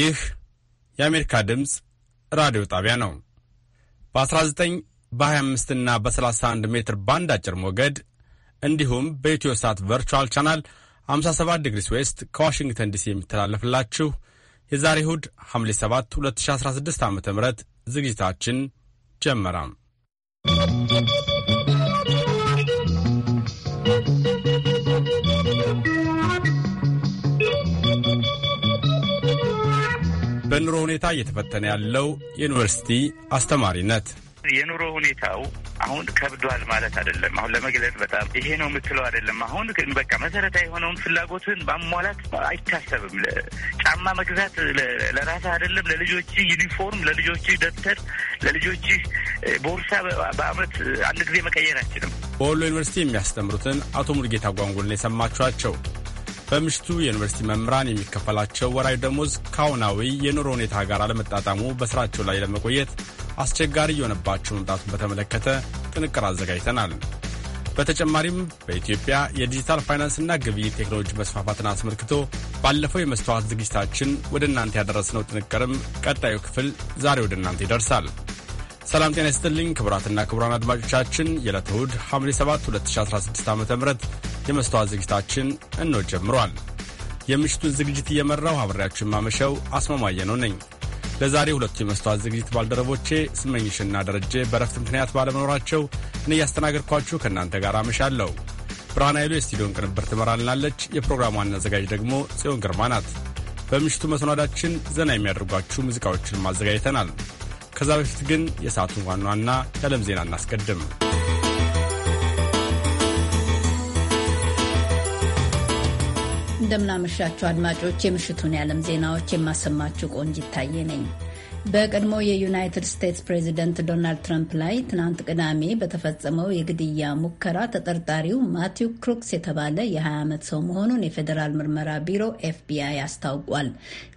ይህ የአሜሪካ ድምፅ ራዲዮ ጣቢያ ነው። በ19 በ25 እና በ31 ሜትር ባንድ አጭር ሞገድ እንዲሁም በኢትዮ ሳት ቨርቹዋል ቻናል 57 ዲግሪስ ዌስት ከዋሽንግተን ዲሲ የሚተላለፍላችሁ የዛሬ እሁድ ሐምሌ 7 2016 ዓ ም ዝግጅታችን ጀመራም። በኑሮ ሁኔታ እየተፈተነ ያለው የዩኒቨርሲቲ አስተማሪነት የኑሮ ሁኔታው አሁን ከብዷል ማለት አይደለም። አሁን ለመግለጽ በጣም ይሄ ነው የምትለው አይደለም። አሁን ግን በቃ መሰረታዊ የሆነውን ፍላጎትን ማሟላት አይታሰብም። ጫማ መግዛት ለራስ አይደለም፣ ለልጆች ዩኒፎርም፣ ለልጆች ደብተር፣ ለልጆች ቦርሳ በአመት አንድ ጊዜ መቀየር አችልም። በወሎ ዩኒቨርሲቲ የሚያስተምሩትን አቶ ሙልጌታ ጓንጉልን የሰማችኋቸው በምሽቱ የዩኒቨርሲቲ መምህራን የሚከፈላቸው ወራዊ ደሞዝ ከአሁናዊ የኑሮ ሁኔታ ጋር አለመጣጣሙ በስራቸው ላይ ለመቆየት አስቸጋሪ የሆነባቸው መምጣቱን በተመለከተ ጥንቅር አዘጋጅተናል። በተጨማሪም በኢትዮጵያ የዲጂታል ፋይናንስና ግብይት ቴክኖሎጂ መስፋፋትን አስመልክቶ ባለፈው የመስተዋት ዝግጅታችን ወደ እናንተ ያደረስነው ጥንቅርም ቀጣዩ ክፍል ዛሬ ወደ እናንተ ይደርሳል። ሰላም ጤና ይስጥልኝ ክቡራትና ክቡራን አድማጮቻችን የዕለተ እሁድ ሐምሌ 7 2016 ዓ ም የመስተዋት ዝግጅታችን እኖ ጀምሯል። የምሽቱን ዝግጅት እየመራው አብሬያችሁ የማመሸው አስማማየ ነው ነኝ። ለዛሬ ሁለቱ የመስተዋት ዝግጅት ባልደረቦቼ ስመኝሽና ደረጀ በረፍት ምክንያት ባለመኖራቸው እኔ እያስተናገድኳችሁ ከእናንተ ጋር አመሻለሁ። ብርሃን ኃይሉ የስቱዲዮን ቅንብር ትመራልናለች። የፕሮግራሙ ዋና አዘጋጅ ደግሞ ጽዮን ግርማ ናት። በምሽቱ መሰናዳችን ዘና የሚያደርጓችሁ ሙዚቃዎችን አዘጋጅተናል። ከዛ በፊት ግን የሰዓቱን ዋና ዋና የዓለም ዜና እናስቀድም። እንደምናመሻችሁ አድማጮች፣ የምሽቱን የዓለም ዜናዎች የማሰማችሁ ቆንጅ ይታየ ነኝ። በቀድሞ የዩናይትድ ስቴትስ ፕሬዚደንት ዶናልድ ትራምፕ ላይ ትናንት ቅዳሜ በተፈጸመው የግድያ ሙከራ ተጠርጣሪው ማቲው ክሩክስ የተባለ የ20 ዓመት ሰው መሆኑን የፌዴራል ምርመራ ቢሮ ኤፍቢአይ አስታውቋል።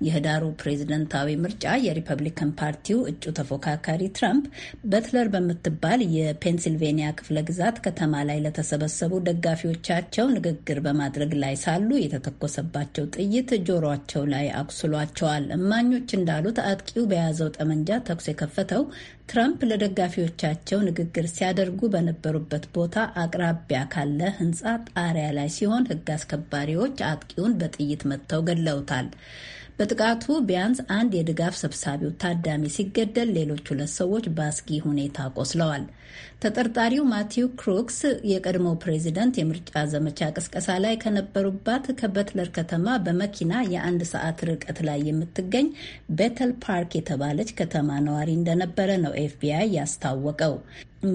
የህዳሩ ፕሬዚደንታዊ ምርጫ የሪፐብሊካን ፓርቲው እጩ ተፎካካሪ ትራምፕ በትለር በምትባል የፔንሲልቬኒያ ክፍለ ግዛት ከተማ ላይ ለተሰበሰቡ ደጋፊዎቻቸው ንግግር በማድረግ ላይ ሳሉ የተተኮሰባቸው ጥይት ጆሮቸው ላይ አቁስሏቸዋል። እማኞች እንዳሉት አጥቂው በያዘ በያዘው ጠመንጃ ተኩስ የከፈተው ትራምፕ ለደጋፊዎቻቸው ንግግር ሲያደርጉ በነበሩበት ቦታ አቅራቢያ ካለ ሕንፃ ጣሪያ ላይ ሲሆን ሕግ አስከባሪዎች አጥቂውን በጥይት መትተው ገድለውታል። በጥቃቱ ቢያንስ አንድ የድጋፍ ሰብሳቢው ታዳሚ ሲገደል ሌሎች ሁለት ሰዎች በአስጊ ሁኔታ ቆስለዋል። ተጠርጣሪው ማቲው ክሩክስ የቀድሞው ፕሬዚደንት የምርጫ ዘመቻ ቅስቀሳ ላይ ከነበሩባት ከበትለር ከተማ በመኪና የአንድ ሰዓት ርቀት ላይ የምትገኝ ቤተል ፓርክ የተባለች ከተማ ነዋሪ እንደነበረ ነው ኤፍቢአይ ያስታወቀው።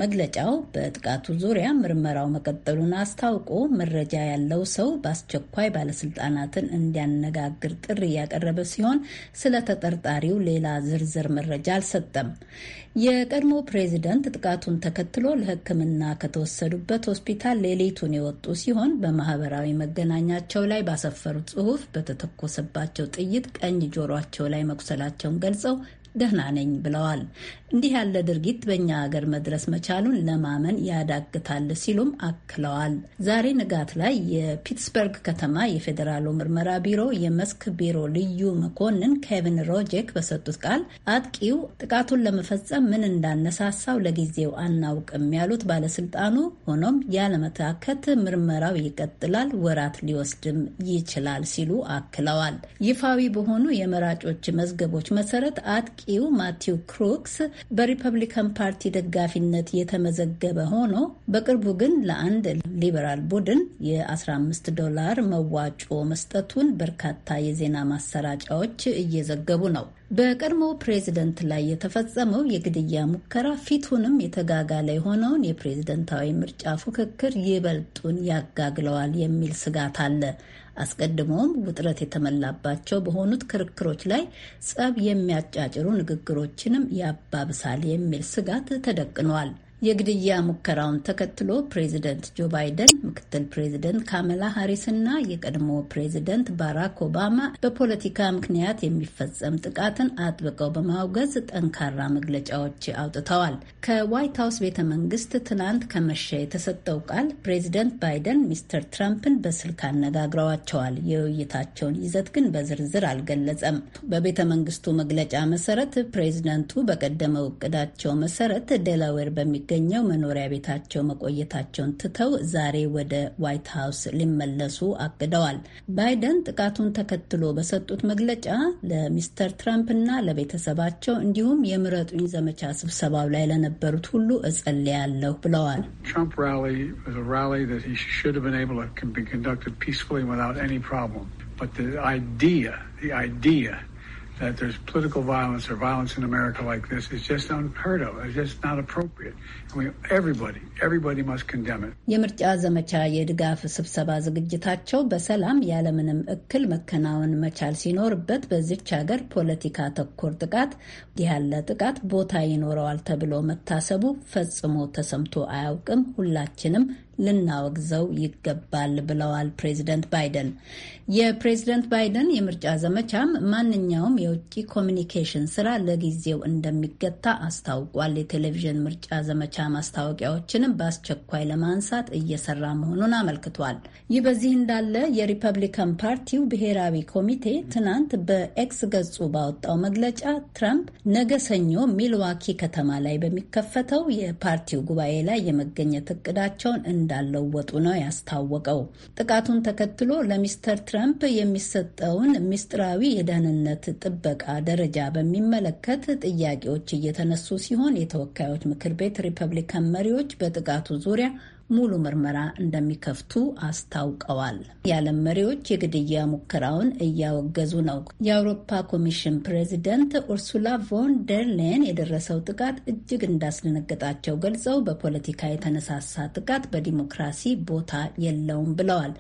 መግለጫው በጥቃቱ ዙሪያ ምርመራው መቀጠሉን አስታውቆ መረጃ ያለው ሰው በአስቸኳይ ባለስልጣናትን እንዲያነጋግር ጥሪ ያቀረበ ሲሆን ስለ ተጠርጣሪው ሌላ ዝርዝር መረጃ አልሰጠም። የቀድሞ ፕሬዚደንት ጥቃቱን ተከትሎ ለሕክምና ከተወሰዱበት ሆስፒታል ሌሊቱን የወጡ ሲሆን በማህበራዊ መገናኛቸው ላይ ባሰፈሩት ጽሁፍ በተተኮሰባቸው ጥይት ቀኝ ጆሯቸው ላይ መቁሰላቸውን ገልጸው ደህና ነኝ ብለዋል። እንዲህ ያለ ድርጊት በእኛ ሀገር መድረስ መቻሉን ለማመን ያዳግታል ሲሉም አክለዋል። ዛሬ ንጋት ላይ የፒትስበርግ ከተማ የፌዴራሉ ምርመራ ቢሮ የመስክ ቢሮ ልዩ መኮንን ኬቪን ሮጄክ በሰጡት ቃል አጥቂው ጥቃቱን ለመፈጸም ምን እንዳነሳሳው ለጊዜው አናውቅም ያሉት ባለስልጣኑ፣ ሆኖም ያለመታከት ምርመራው ይቀጥላል፣ ወራት ሊወስድም ይችላል ሲሉ አክለዋል። ይፋዊ በሆኑ የመራጮች መዝገቦች መሰረት አጥ አጥቂው ማቲው ክሩክስ በሪፐብሊካን ፓርቲ ደጋፊነት የተመዘገበ ሆኖ በቅርቡ ግን ለአንድ ሊበራል ቡድን የ15 ዶላር መዋጮ መስጠቱን በርካታ የዜና ማሰራጫዎች እየዘገቡ ነው። በቀድሞ ፕሬዝደንት ላይ የተፈጸመው የግድያ ሙከራ ፊቱንም የተጋጋለ የሆነውን የፕሬዝደንታዊ ምርጫ ፉክክር ይበልጡን ያጋግለዋል የሚል ስጋት አለ። አስቀድሞም ውጥረት የተመላባቸው በሆኑት ክርክሮች ላይ ጸብ የሚያጫጭሩ ንግግሮችንም ያባብሳል የሚል ስጋት ተደቅኗል። የግድያ ሙከራውን ተከትሎ ፕሬዚደንት ጆ ባይደን፣ ምክትል ፕሬዚደንት ካመላ ሃሪስ እና የቀድሞ ፕሬዚደንት ባራክ ኦባማ በፖለቲካ ምክንያት የሚፈጸም ጥቃትን አጥብቀው በማውገዝ ጠንካራ መግለጫዎች አውጥተዋል። ከዋይት ሀውስ ቤተ መንግስት ትናንት ከመሸ የተሰጠው ቃል ፕሬዚደንት ባይደን ሚስተር ትራምፕን በስልክ አነጋግረዋቸዋል። የውይይታቸውን ይዘት ግን በዝርዝር አልገለጸም። በቤተ መንግስቱ መግለጫ መሰረት ፕሬዚደንቱ በቀደመው እቅዳቸው መሰረት ዴላዌር በሚ በሚገኘው መኖሪያ ቤታቸው መቆየታቸውን ትተው ዛሬ ወደ ዋይት ሀውስ ሊመለሱ አቅደዋል። ባይደን ጥቃቱን ተከትሎ በሰጡት መግለጫ ለሚስተር ትራምፕ እና ለቤተሰባቸው እንዲሁም የምረጡኝ ዘመቻ ስብሰባው ላይ ለነበሩት ሁሉ እጸልያለሁ ብለዋል። የምርጫ ዘመቻ የድጋፍ ስብሰባ ዝግጅታቸው በሰላም ያለምንም እክል መከናወን መቻል ሲኖርበት በዚች ሀገር ፖለቲካ ተኮር ጥቃት እንዲህ ያለ ጥቃት ቦታ ይኖረዋል ተብሎ መታሰቡ ፈጽሞ ተሰምቶ አያውቅም። ሁላችንም ልናወግዘው ይገባል ብለዋል ፕሬዚደንት ባይደን። የፕሬዚደንት ባይደን የምርጫ ዘመቻም ማንኛውም የውጭ ኮሚኒኬሽን ስራ ለጊዜው እንደሚገታ አስታውቋል። የቴሌቪዥን ምርጫ ዘመቻ ማስታወቂያዎችንም በአስቸኳይ ለማንሳት እየሰራ መሆኑን አመልክቷል። ይህ በዚህ እንዳለ የሪፐብሊካን ፓርቲው ብሔራዊ ኮሚቴ ትናንት በኤክስ ገጹ ባወጣው መግለጫ ትራምፕ ነገ ሰኞ ሚልዋኪ ከተማ ላይ በሚከፈተው የፓርቲው ጉባኤ ላይ የመገኘት እቅዳቸውን ወጡ ነው ያስታወቀው። ጥቃቱን ተከትሎ ለሚስተር ትራምፕ የሚሰጠውን ምስጢራዊ የደህንነት ጥበቃ ደረጃ በሚመለከት ጥያቄዎች እየተነሱ ሲሆን የተወካዮች ምክር ቤት ሪፐብሊካን መሪዎች በጥቃቱ ዙሪያ ሙሉ ምርመራ እንደሚከፍቱ አስታውቀዋል። የዓለም መሪዎች የግድያ ሙከራውን እያወገዙ ነው። የአውሮፓ ኮሚሽን ፕሬዚደንት ኡርሱላ ቮን ደር ሌን የደረሰው ጥቃት እጅግ እንዳስደነገጣቸው ገልጸው በፖለቲካ የተነሳሳ ጥቃት በዲሞክራሲ ቦታ የለውም ብለዋል።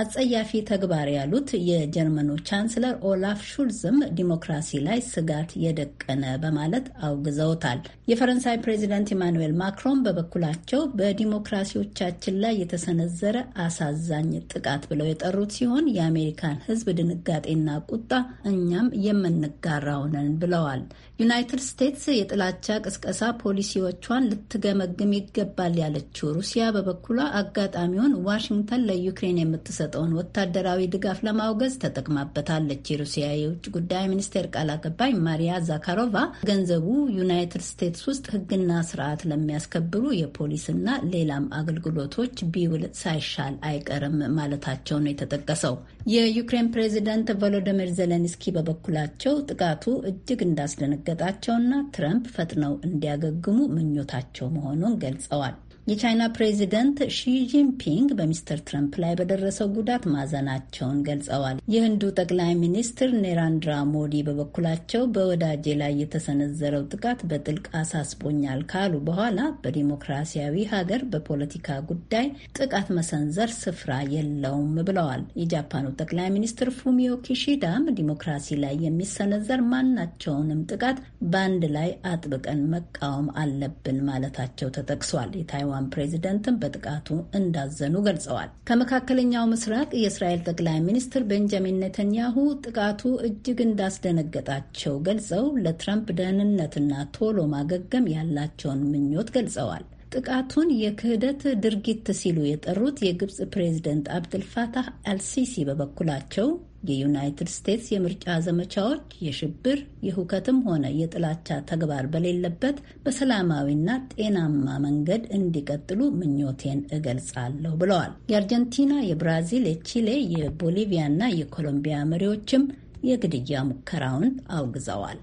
አጸያፊ ተግባር ያሉት የጀርመኑ ቻንስለር ኦላፍ ሹልዝም ዲሞክራሲ ላይ ስጋት የደቀነ በማለት አውግዘውታል። የፈረንሳይ ፕሬዚደንት ኢማኑዌል ማክሮን በበኩላቸው በዲሞክራሲዎቻችን ላይ የተሰነዘረ አሳዛኝ ጥቃት ብለው የጠሩት ሲሆን የአሜሪካን ሕዝብ ድንጋጤና ቁጣ እኛም የምንጋራው ነን ብለዋል። ዩናይትድ ስቴትስ የጥላቻ ቅስቀሳ ፖሊሲዎቿን ልትገመግም ይገባል ያለችው ሩሲያ በበኩሏ አጋጣሚውን ዋሽንግተን ለዩክሬን የምትሰ የምትሰጠውን ወታደራዊ ድጋፍ ለማውገዝ ተጠቅማበታለች። የሩሲያ የውጭ ጉዳይ ሚኒስቴር ቃል አቀባይ ማሪያ ዛካሮቫ ገንዘቡ ዩናይትድ ስቴትስ ውስጥ ሕግና ስርዓት ለሚያስከብሩ የፖሊስና ሌላም አገልግሎቶች ቢውል ሳይሻል አይቀርም ማለታቸው ነው የተጠቀሰው። የዩክሬን ፕሬዚደንት ቮሎዲሚር ዜሌንስኪ በበኩላቸው ጥቃቱ እጅግ እንዳስደነገጣቸውና ትረምፕ ፈጥነው እንዲያገግሙ ምኞታቸው መሆኑን ገልጸዋል። የቻይና ፕሬዚደንት ሺጂንፒንግ በሚስተር ትረምፕ ላይ በደረሰው ጉዳት ማዘናቸውን ገልጸዋል። የህንዱ ጠቅላይ ሚኒስትር ኔራንድራ ሞዲ በበኩላቸው በወዳጄ ላይ የተሰነዘረው ጥቃት በጥልቅ አሳስቦኛል ካሉ በኋላ በዲሞክራሲያዊ ሀገር በፖለቲካ ጉዳይ ጥቃት መሰንዘር ስፍራ የለውም ብለዋል። የጃፓኑ ጠቅላይ ሚኒስትር ፉሚዮ ኪሺዳም ዲሞክራሲ ላይ የሚሰነዘር ማናቸውንም ጥቃት በአንድ ላይ አጥብቀን መቃወም አለብን ማለታቸው ተጠቅሷል። የታይዋን የኦባማን ፕሬዚደንትን በጥቃቱ እንዳዘኑ ገልጸዋል። ከመካከለኛው ምስራቅ የእስራኤል ጠቅላይ ሚኒስትር ቤንጃሚን ኔተንያሁ ጥቃቱ እጅግ እንዳስደነገጣቸው ገልጸው ለትራምፕ ደህንነትና ቶሎ ማገገም ያላቸውን ምኞት ገልጸዋል። ጥቃቱን የክህደት ድርጊት ሲሉ የጠሩት የግብፅ ፕሬዝደንት አብድልፋታህ አልሲሲ በበኩላቸው የዩናይትድ ስቴትስ የምርጫ ዘመቻዎች የሽብር የሁከትም ሆነ የጥላቻ ተግባር በሌለበት በሰላማዊና ጤናማ መንገድ እንዲቀጥሉ ምኞቴን እገልጻለሁ ብለዋል። የአርጀንቲና፣ የብራዚል፣ የቺሌ፣ የቦሊቪያና የኮሎምቢያ መሪዎችም የግድያ ሙከራውን አውግዘዋል።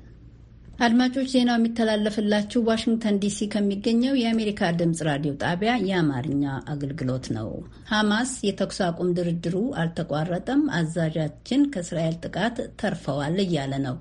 አድማጮች ዜናው የሚተላለፍላችሁ ዋሽንግተን ዲሲ ከሚገኘው የአሜሪካ ድምጽ ራዲዮ ጣቢያ የአማርኛ አገልግሎት ነው። ሐማስ የተኩስ አቁም ድርድሩ አልተቋረጠም፣ አዛዣችን ከእስራኤል ጥቃት ተርፈዋል እያለ ነው።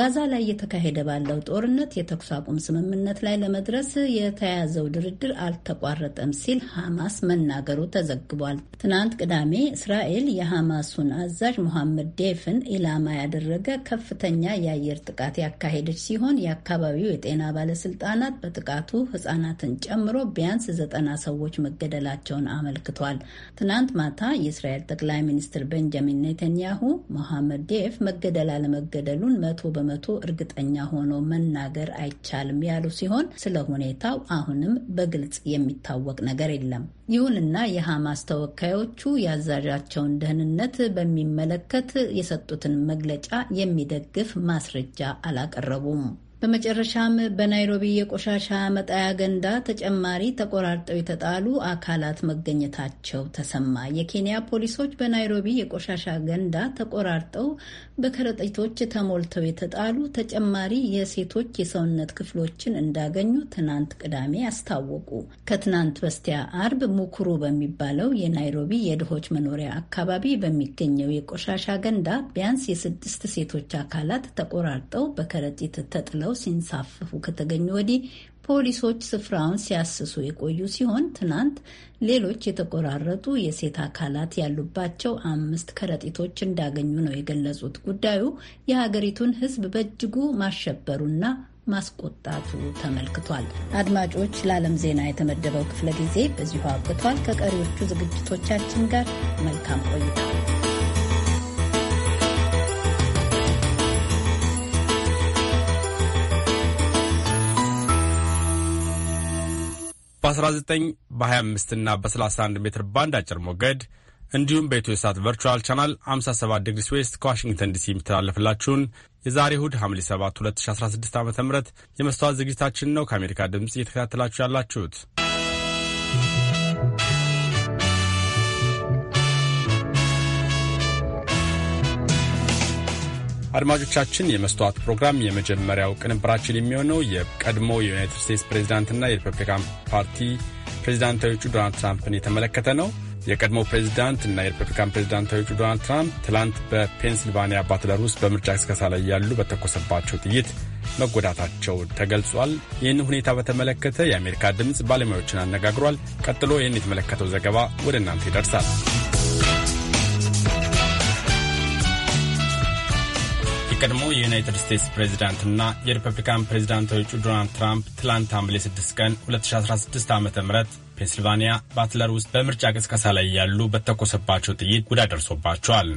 ጋዛ ላይ እየተካሄደ ባለው ጦርነት የተኩስ አቁም ስምምነት ላይ ለመድረስ የተያዘው ድርድር አልተቋረጠም ሲል ሐማስ መናገሩ ተዘግቧል። ትናንት ቅዳሜ እስራኤል የሐማሱን አዛዥ ሞሐመድ ዴፍን ኢላማ ያደረገ ከፍተኛ የአየር ጥቃት ያካሄደች ሲሆን የአካባቢው የጤና ባለስልጣናት በጥቃቱ ህጻናትን ጨምሮ ቢያንስ ዘጠና ሰዎች መገደላቸውን አመልክቷል። ትናንት ማታ የእስራኤል ጠቅላይ ሚኒስትር ቤንጃሚን ኔተንያሁ መሐመድ ዴፍ መገደል አለመገደሉን መቶ በመቶ እርግጠኛ ሆኖ መናገር አይቻልም ያሉ ሲሆን ስለ ሁኔታው አሁንም በግልጽ የሚታወቅ ነገር የለም። ይሁንና የሐማስ ተወካዮቹ የአዛዣቸውን ደህንነት በሚመለከት የሰጡትን መግለጫ የሚደግፍ ማስረጃ አላቀረቡም። room በመጨረሻም በናይሮቢ የቆሻሻ መጣያ ገንዳ ተጨማሪ ተቆራርጠው የተጣሉ አካላት መገኘታቸው ተሰማ። የኬንያ ፖሊሶች በናይሮቢ የቆሻሻ ገንዳ ተቆራርጠው በከረጢቶች ተሞልተው የተጣሉ ተጨማሪ የሴቶች የሰውነት ክፍሎችን እንዳገኙ ትናንት ቅዳሜ አስታወቁ። ከትናንት በስቲያ አርብ ሙኩሩ በሚባለው የናይሮቢ የድሆች መኖሪያ አካባቢ በሚገኘው የቆሻሻ ገንዳ ቢያንስ የስድስት ሴቶች አካላት ተቆራርጠው በከረጢት ተጥለው ብለው ሲንሳፈፉ ከተገኙ ወዲህ ፖሊሶች ስፍራውን ሲያስሱ የቆዩ ሲሆን ትናንት ሌሎች የተቆራረጡ የሴት አካላት ያሉባቸው አምስት ከረጢቶች እንዳገኙ ነው የገለጹት። ጉዳዩ የሀገሪቱን ሕዝብ በእጅጉ ማሸበሩና ማስቆጣቱ ተመልክቷል። አድማጮች፣ ለዓለም ዜና የተመደበው ክፍለ ጊዜ በዚሁ አብቅቷል። ከቀሪዎቹ ዝግጅቶቻችን ጋር መልካም ቆይታ በ19 በ25 እና በ31 ሜትር ባንድ አጭር ሞገድ እንዲሁም በኢትዮ ሳት ቨርቹዋል ቻናል 57 ዲግሪስ ዌስት ከዋሽንግተን ዲሲ የሚተላለፍላችሁን የዛሬ እሁድ ሐምሌ 7 2016 ዓ ም የመስተዋት ዝግጅታችን ነው ከአሜሪካ ድምፅ እየተከታተላችሁ ያላችሁት። አድማጮቻችን፣ የመስተዋት ፕሮግራም የመጀመሪያው ቅንብራችን የሚሆነው የቀድሞ የዩናይትድ ስቴትስ ፕሬዚዳንትና የሪፐብሊካን ፓርቲ ፕሬዚዳንታዊ እጩ ዶናልድ ትራምፕን የተመለከተ ነው። የቀድሞ ፕሬዚዳንት እና የሪፐብሊካን ፕሬዚዳንታዊ እጩ ዶናልድ ትራምፕ ትላንት በፔንስልቫኒያ ባትለር ውስጥ በምርጫ ቅስቀሳ ላይ ያሉ በተኮሰባቸው ጥይት መጎዳታቸው ተገልጿል። ይህን ሁኔታ በተመለከተ የአሜሪካ ድምፅ ባለሙያዎችን አነጋግሯል። ቀጥሎ ይህን የተመለከተው ዘገባ ወደ እናንተ ይደርሳል። የቀድሞ የዩናይትድ ስቴትስ ፕሬዚዳንትና የሪፐብሊካን ፕሬዚዳንታዊ እጩ ዶናልድ ትራምፕ ትላንት ሐምሌ 6 ቀን 2016 ዓ ም ፔንስልቫኒያ ባትለር ውስጥ በምርጫ ቅስቀሳ ላይ ያሉ በተኮሰባቸው ጥይት ጉዳት ደርሶባቸዋል።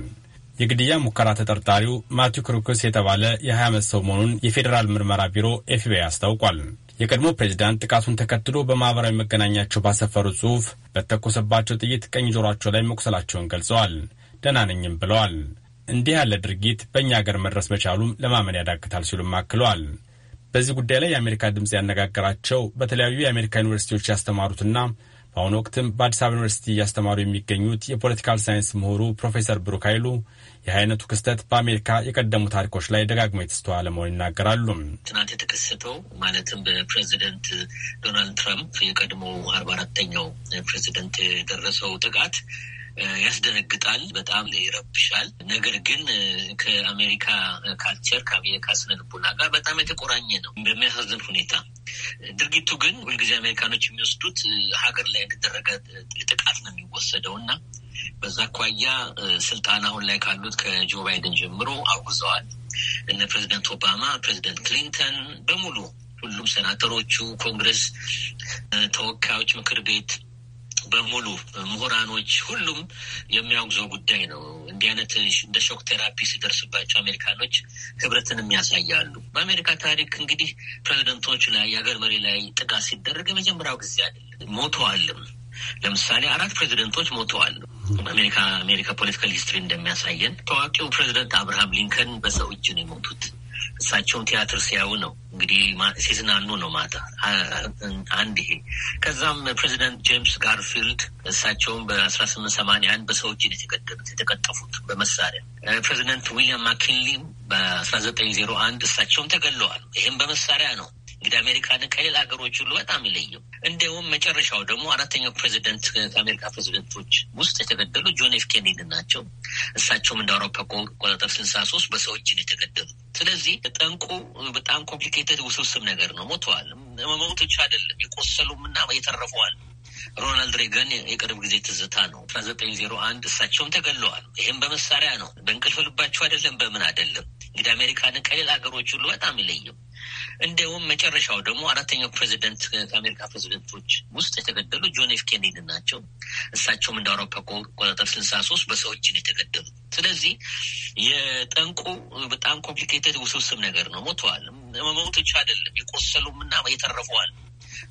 የግድያ ሙከራ ተጠርጣሪው ማቲው ክሩክስ የተባለ የ20 ዓመት ሰው መሆኑን የፌዴራል ምርመራ ቢሮ ኤፍቢአይ አስታውቋል። የቀድሞ ፕሬዚዳንት ጥቃቱን ተከትሎ በማኅበራዊ መገናኛቸው ባሰፈሩት ጽሑፍ በተኮሰባቸው ጥይት ቀኝ ጆሯቸው ላይ መቁሰላቸውን ገልጸዋል። ደህና ነኝም ብለዋል። እንዲህ ያለ ድርጊት በእኛ አገር መድረስ መቻሉም ለማመን ያዳግታል ሲሉም አክለዋል። በዚህ ጉዳይ ላይ የአሜሪካ ድምፅ ያነጋገራቸው በተለያዩ የአሜሪካ ዩኒቨርሲቲዎች ያስተማሩትና በአሁኑ ወቅትም በአዲስ አበባ ዩኒቨርሲቲ እያስተማሩ የሚገኙት የፖለቲካል ሳይንስ ምሁሩ ፕሮፌሰር ብሩክ ኃይሉ ይህ አይነቱ ክስተት በአሜሪካ የቀደሙ ታሪኮች ላይ ደጋግሞ የተስተዋለ መሆኑን ይናገራሉ። ትናንት የተከሰተው ማለትም በፕሬዚደንት ዶናልድ ትራምፕ የቀድሞ አርባ አራተኛው ፕሬዚደንት የደረሰው ጥቃት ያስደነግጣል፣ በጣም ይረብሻል። ነገር ግን ከአሜሪካ ካልቸር ከአሜሪካ ስነ ልቡና ጋር በጣም የተቆራኘ ነው በሚያሳዝን ሁኔታ። ድርጊቱ ግን ሁልጊዜ አሜሪካኖች የሚወስዱት ሀገር ላይ እንደደረገ ጥቃት ነው የሚወሰደው እና በዛ አኳያ ስልጣን አሁን ላይ ካሉት ከጆ ባይደን ጀምሮ አውግዘዋል። እነ ፕሬዚደንት ኦባማ፣ ፕሬዚደንት ክሊንተን በሙሉ ሁሉም ሴናተሮቹ፣ ኮንግረስ ተወካዮች ምክር ቤት በሙሉ ምሁራኖች ሁሉም የሚያወግዘው ጉዳይ ነው። እንዲህ አይነት እንደ ሾክ ቴራፒ ሲደርስባቸው አሜሪካኖች ህብረትንም ያሳያሉ። በአሜሪካ ታሪክ እንግዲህ ፕሬዚደንቶች ላይ የሀገር መሪ ላይ ጥቃት ሲደረግ የመጀመሪያው ጊዜ አይደለም። ሞተዋልም። ለምሳሌ አራት ፕሬዚደንቶች ሞተዋል። አሜሪካ አሜሪካ ፖለቲካል ሂስትሪ እንደሚያሳየን ታዋቂው ፕሬዚደንት አብርሃም ሊንከን በሰው እጅ ነው የሞቱት። እሳቸውም ቲያትር ሲያዩ ነው እንግዲህ ሲዝናኑ ነው ማታ አንድ ይሄ ከዛም ፕሬዚዳንት ጄምስ ጋርፊልድ እሳቸውም በአስራ ስምንት ሰማንያ አንድ በሰው እጅ የተቀጠፉት በመሳሪያ ፕሬዚዳንት ዊሊያም ማኪንሊም በአስራ ዘጠኝ ዜሮ አንድ እሳቸውም ተገለዋል። ይህም በመሳሪያ ነው። እንግዲህ አሜሪካ ከሌላ ሀገሮች ሁሉ በጣም ይለየው። እንዲሁም መጨረሻው ደግሞ አራተኛው ፕሬዚደንት ከአሜሪካ ፕሬዚደንቶች ውስጥ የተገደሉ ጆን ኤፍ ኬኔዲ ናቸው። እሳቸውም እንደ አውሮፓ ቆጣጠር ስልሳ ሶስት በሰዎች ነው የተገደሉ። ስለዚህ ጠንቁ በጣም ኮምፕሊኬትድ ውስብስብ ነገር ነው። ሞተዋል። መሞቶች አይደለም የቆሰሉም እና የተረፈዋል ሮናልድ ሬገን የቅርብ ጊዜ ትዝታ ነው። አስራ ዘጠኝ ዜሮ አንድ እሳቸውም ተገለዋል። ይህም በመሳሪያ ነው። በእንቅልፍ ልባቸው አይደለም፣ በምን አይደለም። እንግዲህ አሜሪካንን ከሌላ ሀገሮች ሁሉ በጣም ይለየው እንዲሁም መጨረሻው ደግሞ አራተኛው ፕሬዚደንት ከአሜሪካ ፕሬዚደንቶች ውስጥ የተገደሉ ጆን ኤፍ ኬኔዲ ናቸው። እሳቸውም እንደ አውሮፓ አቆጣጠር ስልሳ ሶስት በሰዎችን የተገደሉ። ስለዚህ የጠንቁ በጣም ኮምፕሊኬትድ ውስብስብ ነገር ነው። ሞተዋል። መሞቶች አይደለም የቆሰሉም እና የተረፈዋል።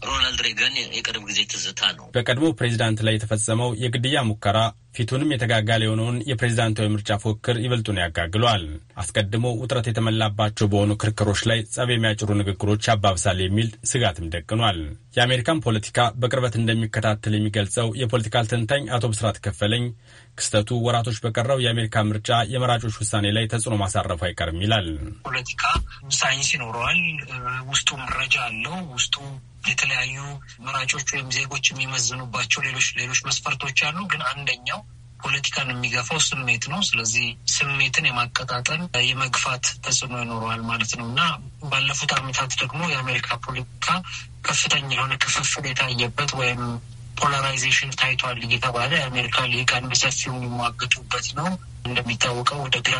ሮናልድ ሬገን የቅርብ ጊዜ ትዝታ ነው። በቀድሞ ፕሬዚዳንት ላይ የተፈጸመው የግድያ ሙከራ ፊቱንም የተጋጋለ የሆነውን የፕሬዝዳንታዊ ምርጫ ፉክክር ይበልጡን ያጋግሏል። አስቀድሞ ውጥረት የተመላባቸው በሆኑ ክርክሮች ላይ ጸብ የሚያጭሩ ንግግሮች ያባብሳል የሚል ስጋትም ደቅኗል። የአሜሪካን ፖለቲካ በቅርበት እንደሚከታተል የሚገልጸው የፖለቲካል ተንታኝ አቶ ብስራት ከፈለኝ ክስተቱ ወራቶች በቀረው የአሜሪካ ምርጫ የመራጮች ውሳኔ ላይ ተጽዕኖ ማሳረፉ አይቀርም ይላል። ፖለቲካ ሳይንስ ይኖረዋል። ውስጡ መረጃ አለው። ውስጡ የተለያዩ መራጮች ወይም ዜጎች የሚመዝኑባቸው ሌሎች ሌሎች መስፈርቶች አሉ። ግን አንደኛው ፖለቲካን የሚገፋው ስሜት ነው። ስለዚህ ስሜትን የማቀጣጠል የመግፋት ተጽዕኖ ይኖረዋል ማለት ነው እና ባለፉት ዓመታት ደግሞ የአሜሪካ ፖለቲካ ከፍተኛ የሆነ ክፍፍል የታየበት ወይም ፖላራይዜሽን ታይቷል እየተባለ የአሜሪካ ልሂቃን በሰፊው የሚሟገቱበት ነው። እንደሚታወቀው ወደ ግራ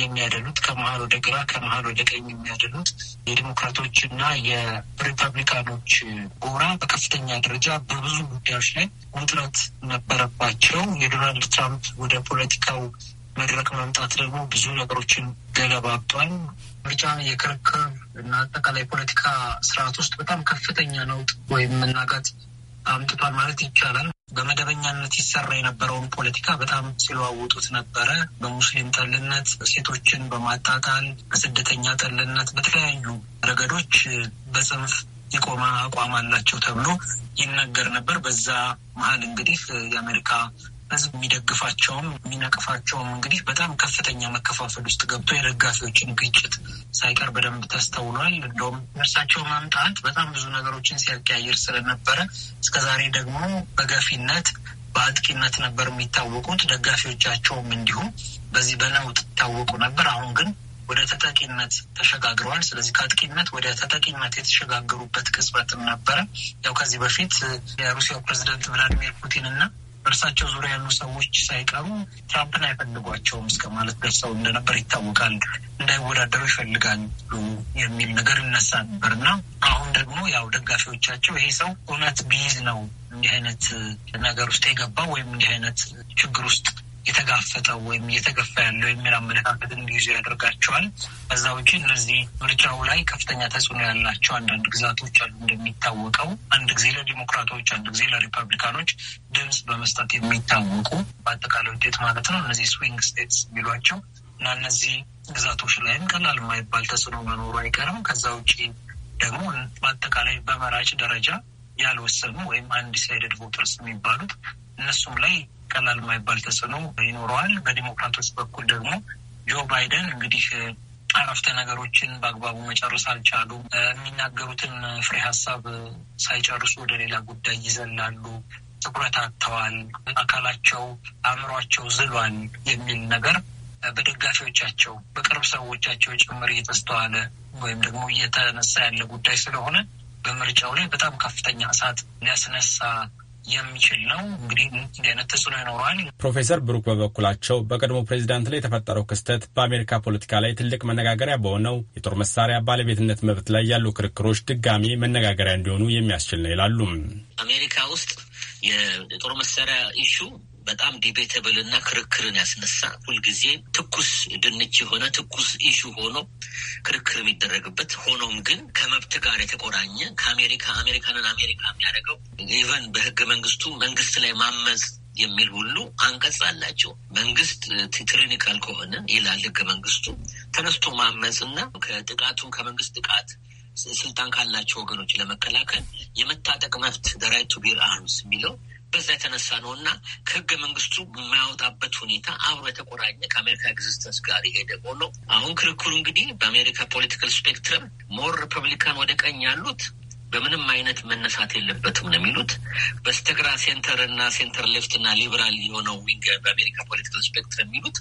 የሚያደሉት ከመሀል ወደ ግራ ከመሀል ወደ ቀኝ የሚያደሉት የዲሞክራቶች እና የሪፐብሊካኖች ጎራ በከፍተኛ ደረጃ በብዙ ጉዳዮች ላይ ውጥረት ነበረባቸው። የዶናልድ ትራምፕ ወደ ፖለቲካው መድረክ መምጣት ደግሞ ብዙ ነገሮችን ገለባብጧል። ምርጫ የክርክር እና አጠቃላይ ፖለቲካ ስርዓት ውስጥ በጣም ከፍተኛ ነውጥ ወይም መናጋት አምጥቷል ማለት ይቻላል። በመደበኛነት ይሰራ የነበረውን ፖለቲካ በጣም ሲለዋውጡት ነበረ። በሙስሊም ጠልነት፣ ሴቶችን በማጣጣል በስደተኛ ጠልነት፣ በተለያዩ ረገዶች በጽንፍ የቆመ አቋም አላቸው ተብሎ ይነገር ነበር። በዛ መሀል እንግዲህ የአሜሪካ ህዝብ የሚደግፋቸውም የሚነቅፋቸውም እንግዲህ በጣም ከፍተኛ መከፋፈል ውስጥ ገብቶ የደጋፊዎችን ግጭት ሳይቀር በደንብ ተስተውሏል። እንደውም እርሳቸው መምጣት በጣም ብዙ ነገሮችን ሲያቀያይር ስለነበረ እስከዛሬ ደግሞ በገፊነት በአጥቂነት ነበር የሚታወቁት። ደጋፊዎቻቸውም እንዲሁም በዚህ በነውጥ ይታወቁ ነበር። አሁን ግን ወደ ተጠቂነት ተሸጋግረዋል። ስለዚህ ከአጥቂነት ወደ ተጠቂነት የተሸጋገሩበት ቅጽበትም ነበረ። ያው ከዚህ በፊት የሩሲያው ፕሬዚደንት ቭላዲሚር ፑቲን እና በእርሳቸው ዙሪያ ያሉ ሰዎች ሳይቀሩ ትራምፕን አይፈልጓቸውም እስከ ማለት ደርሰው እንደነበር ይታወቃል። እንዳይወዳደሩ ይፈልጋሉ የሚል ነገር ይነሳ ነበር እና አሁን ደግሞ ያው ደጋፊዎቻቸው ይሄ ሰው እውነት ቢይዝ ነው እንዲህ አይነት ነገር ውስጥ የገባው ወይም እንዲህ አይነት ችግር ውስጥ የተጋፈጠው ወይም እየተገፋ ያለው የሚል አመለካከት እንዲይዙ ያደርጋቸዋል። በዛ ውጭ እነዚህ ምርጫው ላይ ከፍተኛ ተጽዕኖ ያላቸው አንዳንድ ግዛቶች አሉ። እንደሚታወቀው አንድ ጊዜ ለዲሞክራቶች፣ አንድ ጊዜ ለሪፐብሊካኖች ድምፅ በመስጠት የሚታወቁ በአጠቃላይ ውጤት ማለት ነው እነዚህ ስዊንግ ስቴትስ የሚሏቸው እና እነዚህ ግዛቶች ላይም ቀላል የማይባል ተጽዕኖ መኖሩ አይቀርም። ከዛ ውጭ ደግሞ በአጠቃላይ በመራጭ ደረጃ ያልወሰኑ ወይም አንዲሳይደድ ቮተርስ የሚባሉት እነሱም ላይ ቀላል የማይባል ተጽዕኖ ይኖረዋል። በዲሞክራቶች በኩል ደግሞ ጆ ባይደን እንግዲህ አረፍተ ነገሮችን በአግባቡ መጨረስ አልቻሉም። የሚናገሩትን ፍሬ ሀሳብ ሳይጨርሱ ወደ ሌላ ጉዳይ ይዘላሉ። ትኩረት አጥተዋል፣ አካላቸው አእምሯቸው ዝሏል የሚል ነገር በደጋፊዎቻቸው በቅርብ ሰዎቻቸው ጭምር እየተስተዋለ ወይም ደግሞ እየተነሳ ያለ ጉዳይ ስለሆነ በምርጫው ላይ በጣም ከፍተኛ እሳት ሊያስነሳ የሚችል ነው። እንግዲህ እንዲህ አይነት ተጽዕኖ ይኖረዋል። ፕሮፌሰር ብሩክ በበኩላቸው በቀድሞ ፕሬዚዳንት ላይ የተፈጠረው ክስተት በአሜሪካ ፖለቲካ ላይ ትልቅ መነጋገሪያ በሆነው የጦር መሳሪያ ባለቤትነት መብት ላይ ያሉ ክርክሮች ድጋሚ መነጋገሪያ እንዲሆኑ የሚያስችል ነው ይላሉ። አሜሪካ ውስጥ የጦር መሳሪያ ኢሹ በጣም ዲቤተብል እና ክርክርን ያስነሳ ሁልጊዜ ትኩስ ድንች የሆነ ትኩስ ኢሹ ሆኖ ክርክር የሚደረግበት ሆኖም ግን ከመብት ጋር የተቆራኘ ከአሜሪካ አሜሪካንን አሜሪካ የሚያደርገው ኢቨን በህገ መንግስቱ መንግስት ላይ ማመዝ የሚል ሁሉ አንቀጽ አላቸው። መንግስት ትትሪኒካል ከሆነ ይላል ህገ መንግስቱ ተነስቶ እና ከጥቃቱን ከመንግስት ጥቃት ስልጣን ካላቸው ወገኖች ለመከላከል የመታጠቅ መብት ዘ ራይት ቱ ቢር አርምስ የሚለው በዛ የተነሳ ነው እና ከህገ መንግስቱ የማያወጣበት ሁኔታ አብሮ የተቆራኘ ከአሜሪካ ኤግዚስተንስ ጋር የሄደ ሆኖ አሁን ክርክሩ እንግዲህ በአሜሪካ ፖለቲካል ስፔክትረም ሞር ሪፐብሊካን ወደ ቀኝ ያሉት በምንም አይነት መነሳት የለበትም ነው የሚሉት። በስተግራ ሴንተር እና ሴንተር ሌፍት እና ሊበራል የሆነው ዊንግ በአሜሪካ ፖለቲካል ስፔክትረም የሚሉት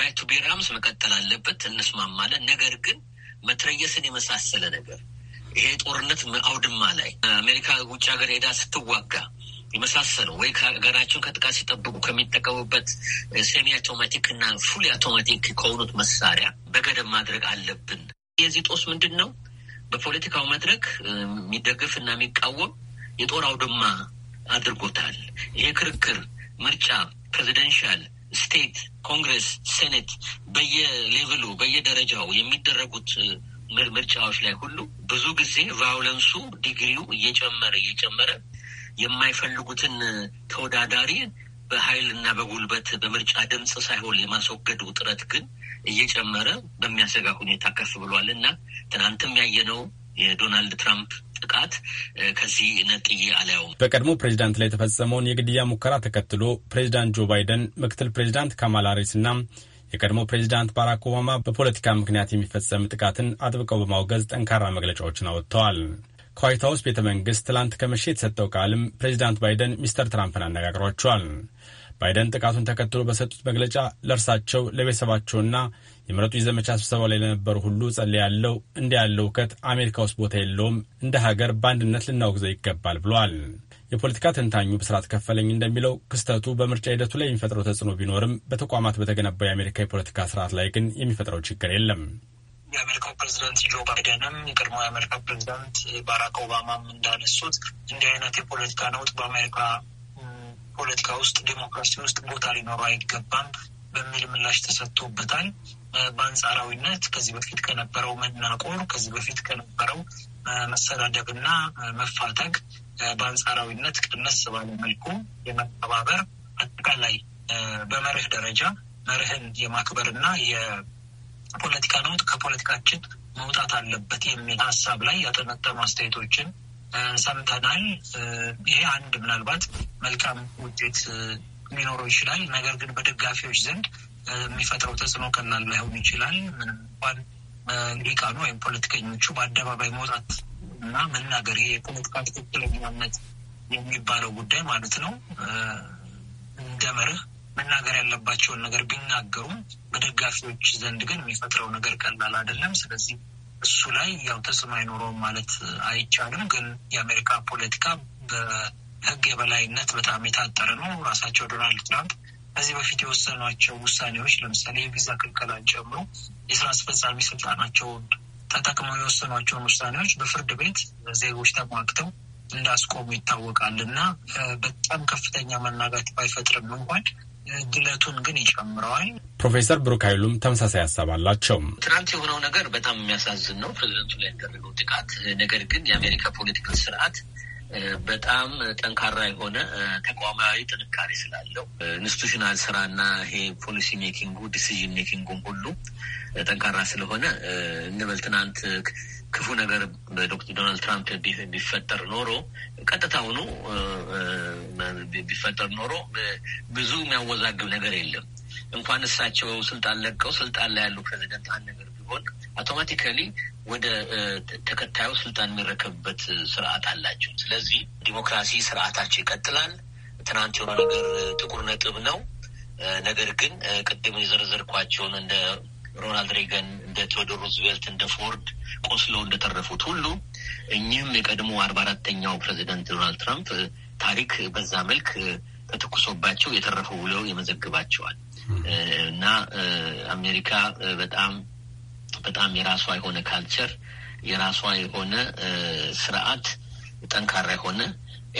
ራይቱ ቤራምስ መቀጠል አለበት፣ እንስማማለን። ነገር ግን መትረየስን የመሳሰለ ነገር ይሄ ጦርነት አውድማ ላይ አሜሪካ ውጭ ሀገር ሄዳ ስትዋጋ የመሳሰሉ ወይ ከሀገራቸው ከጥቃት ሲጠብቁ ከሚጠቀሙበት ሴሚ አውቶማቲክ እና ፉል አውቶማቲክ ከሆኑት መሳሪያ በገደብ ማድረግ አለብን። የዚህ ጦስ ምንድን ነው? በፖለቲካው መድረክ የሚደግፍ እና የሚቃወም የጦር አውድማ አድርጎታል። ይሄ ክርክር ምርጫ፣ ፕሬዚደንሻል፣ ስቴት፣ ኮንግረስ፣ ሴኔት በየሌቭሉ በየደረጃው የሚደረጉት ምርጫዎች ላይ ሁሉ ብዙ ጊዜ ቫዮለንሱ ዲግሪው እየጨመረ እየጨመረ የማይፈልጉትን ተወዳዳሪ በኃይል እና በጉልበት በምርጫ ድምፅ ሳይሆን የማስወገድ ውጥረት ግን እየጨመረ በሚያሰጋ ሁኔታ ከፍ ብሏል እና ትናንትም ያየነው የዶናልድ ትራምፕ ጥቃት ከዚህ ነጥዬ አላየውም። በቀድሞ ፕሬዚዳንት ላይ የተፈጸመውን የግድያ ሙከራ ተከትሎ ፕሬዚዳንት ጆ ባይደን፣ ምክትል ፕሬዚዳንት ካማላ ሃሪስ እና የቀድሞ ፕሬዚዳንት ባራክ ኦባማ በፖለቲካ ምክንያት የሚፈጸም ጥቃትን አጥብቀው በማውገዝ ጠንካራ መግለጫዎችን አወጥተዋል። ከዋይት ሀውስ ቤተ መንግስት ትላንት ከመሸ የተሰጠው ቃልም ፕሬዚዳንት ባይደን ሚስተር ትራምፕን አነጋግሯቸዋል። ባይደን ጥቃቱን ተከትሎ በሰጡት መግለጫ ለእርሳቸው ለቤተሰባቸውና የምረጡ ዘመቻ ስብሰባ ላይ ለነበሩ ሁሉ ያለው እንዲህ ያለው እውከት አሜሪካ ውስጥ ቦታ የለውም። እንደ ሀገር በአንድነት ልናወግዘው ይገባል ብለዋል። የፖለቲካ ተንታኙ ብስራት ከፈለኝ እንደሚለው ክስተቱ በምርጫ ሂደቱ ላይ የሚፈጥረው ተጽዕኖ ቢኖርም በተቋማት በተገነባው የአሜሪካ የፖለቲካ ስርዓት ላይ ግን የሚፈጥረው ችግር የለም። የአሜሪካው ፕሬዚደንት ጆ ባይደንም የቀድሞ የአሜሪካ ፕሬዚዳንት ባራክ ኦባማም እንዳነሱት እንዲህ አይነት የፖለቲካ ነውጥ በአሜሪካ ፖለቲካ ውስጥ ዴሞክራሲ ውስጥ ቦታ ሊኖረው አይገባም በሚል ምላሽ ተሰጥቶበታል። በአንጻራዊነት ከዚህ በፊት ከነበረው መናቆር፣ ከዚህ በፊት ከነበረው መሰዳደብና መፋተግ በአንጻራዊነት ቀነስ ባለ መልኩ የመተባበር አጠቃላይ በመርህ ደረጃ መርህን የማክበርና ፖለቲካ ነው ከፖለቲካችን መውጣት አለበት የሚል ሀሳብ ላይ ያጠነጠኑ አስተያየቶችን ሰምተናል። ይሄ አንድ ምናልባት መልካም ውጤት ሊኖረው ይችላል። ነገር ግን በደጋፊዎች ዘንድ የሚፈጥረው ተጽዕኖ ቀላል ላይሆን ይችላል። ምንም እንኳን ሊቃኑ ወይም ፖለቲከኞቹ በአደባባይ መውጣት እና መናገር ይሄ የፖለቲካ ትክክለኛነት የሚባለው ጉዳይ ማለት ነው እንደ መርህ መናገር ያለባቸውን ነገር ቢናገሩም በደጋፊዎች ዘንድ ግን የሚፈጥረው ነገር ቀላል አይደለም። ስለዚህ እሱ ላይ ያው ተጽዕኖ አይኖረውም ማለት አይቻልም። ግን የአሜሪካ ፖለቲካ በሕግ የበላይነት በጣም የታጠረ ነው። ራሳቸው ዶናልድ ትራምፕ ከዚህ በፊት የወሰኗቸው ውሳኔዎች ለምሳሌ የቪዛ ክልከላን ጨምሮ የስራ አስፈጻሚ ስልጣናቸውን ተጠቅመው የወሰኗቸውን ውሳኔዎች በፍርድ ቤት ዜጎች ተሟግተው እንዳስቆሙ ይታወቃል እና በጣም ከፍተኛ መናጋት ባይፈጥርም እንኳን ግለቱን ግን ይጨምረዋል። ፕሮፌሰር ብሩክ ኃይሉም ተመሳሳይ ሀሳብ አላቸው። ትናንት የሆነው ነገር በጣም የሚያሳዝን ነው፣ ፕሬዚደንቱ ላይ ያደረገው ጥቃት። ነገር ግን የአሜሪካ ፖለቲካል ስርዓት በጣም ጠንካራ የሆነ ተቋማዊ ጥንካሬ ስላለው ኢንስቲቱሽናል ስራና ይሄ ፖሊሲ ሜኪንጉ ዲሲዥን ሜኪንጉም ሁሉ ጠንካራ ስለሆነ እንበል ትናንት ክፉ ነገር በዶክተር ዶናልድ ትራምፕ ቢፈጠር ኖሮ ቀጥታውኑ ቢፈጠር ኖሮ ብዙ የሚያወዛግብ ነገር የለም። እንኳን እሳቸው ስልጣን ለቀው ስልጣን ላይ ያሉ ፕሬዚደንት አንድ ነገር ቢሆን አውቶማቲካሊ ወደ ተከታዩ ስልጣን የሚረከብበት ስርዓት አላቸው። ስለዚህ ዲሞክራሲ ስርዓታቸው ይቀጥላል። ትናንት የሆነ ነገር ጥቁር ነጥብ ነው። ነገር ግን ቅድም የዘረዘርኳቸውን እንደ ሮናልድ ሬገን፣ እንደ ቴዎዶር ሩዝቬልት፣ እንደ ፎርድ ቆስለው እንደተረፉት ሁሉ እኚህም የቀድሞ አርባ አራተኛው ፕሬዚደንት ዶናልድ ትራምፕ ታሪክ በዛ መልክ ተተኩሶባቸው የተረፉ ብለው የመዘግባቸዋል እና አሜሪካ በጣም በጣም የራሷ የሆነ ካልቸር የራሷ የሆነ ስርዓት ጠንካራ የሆነ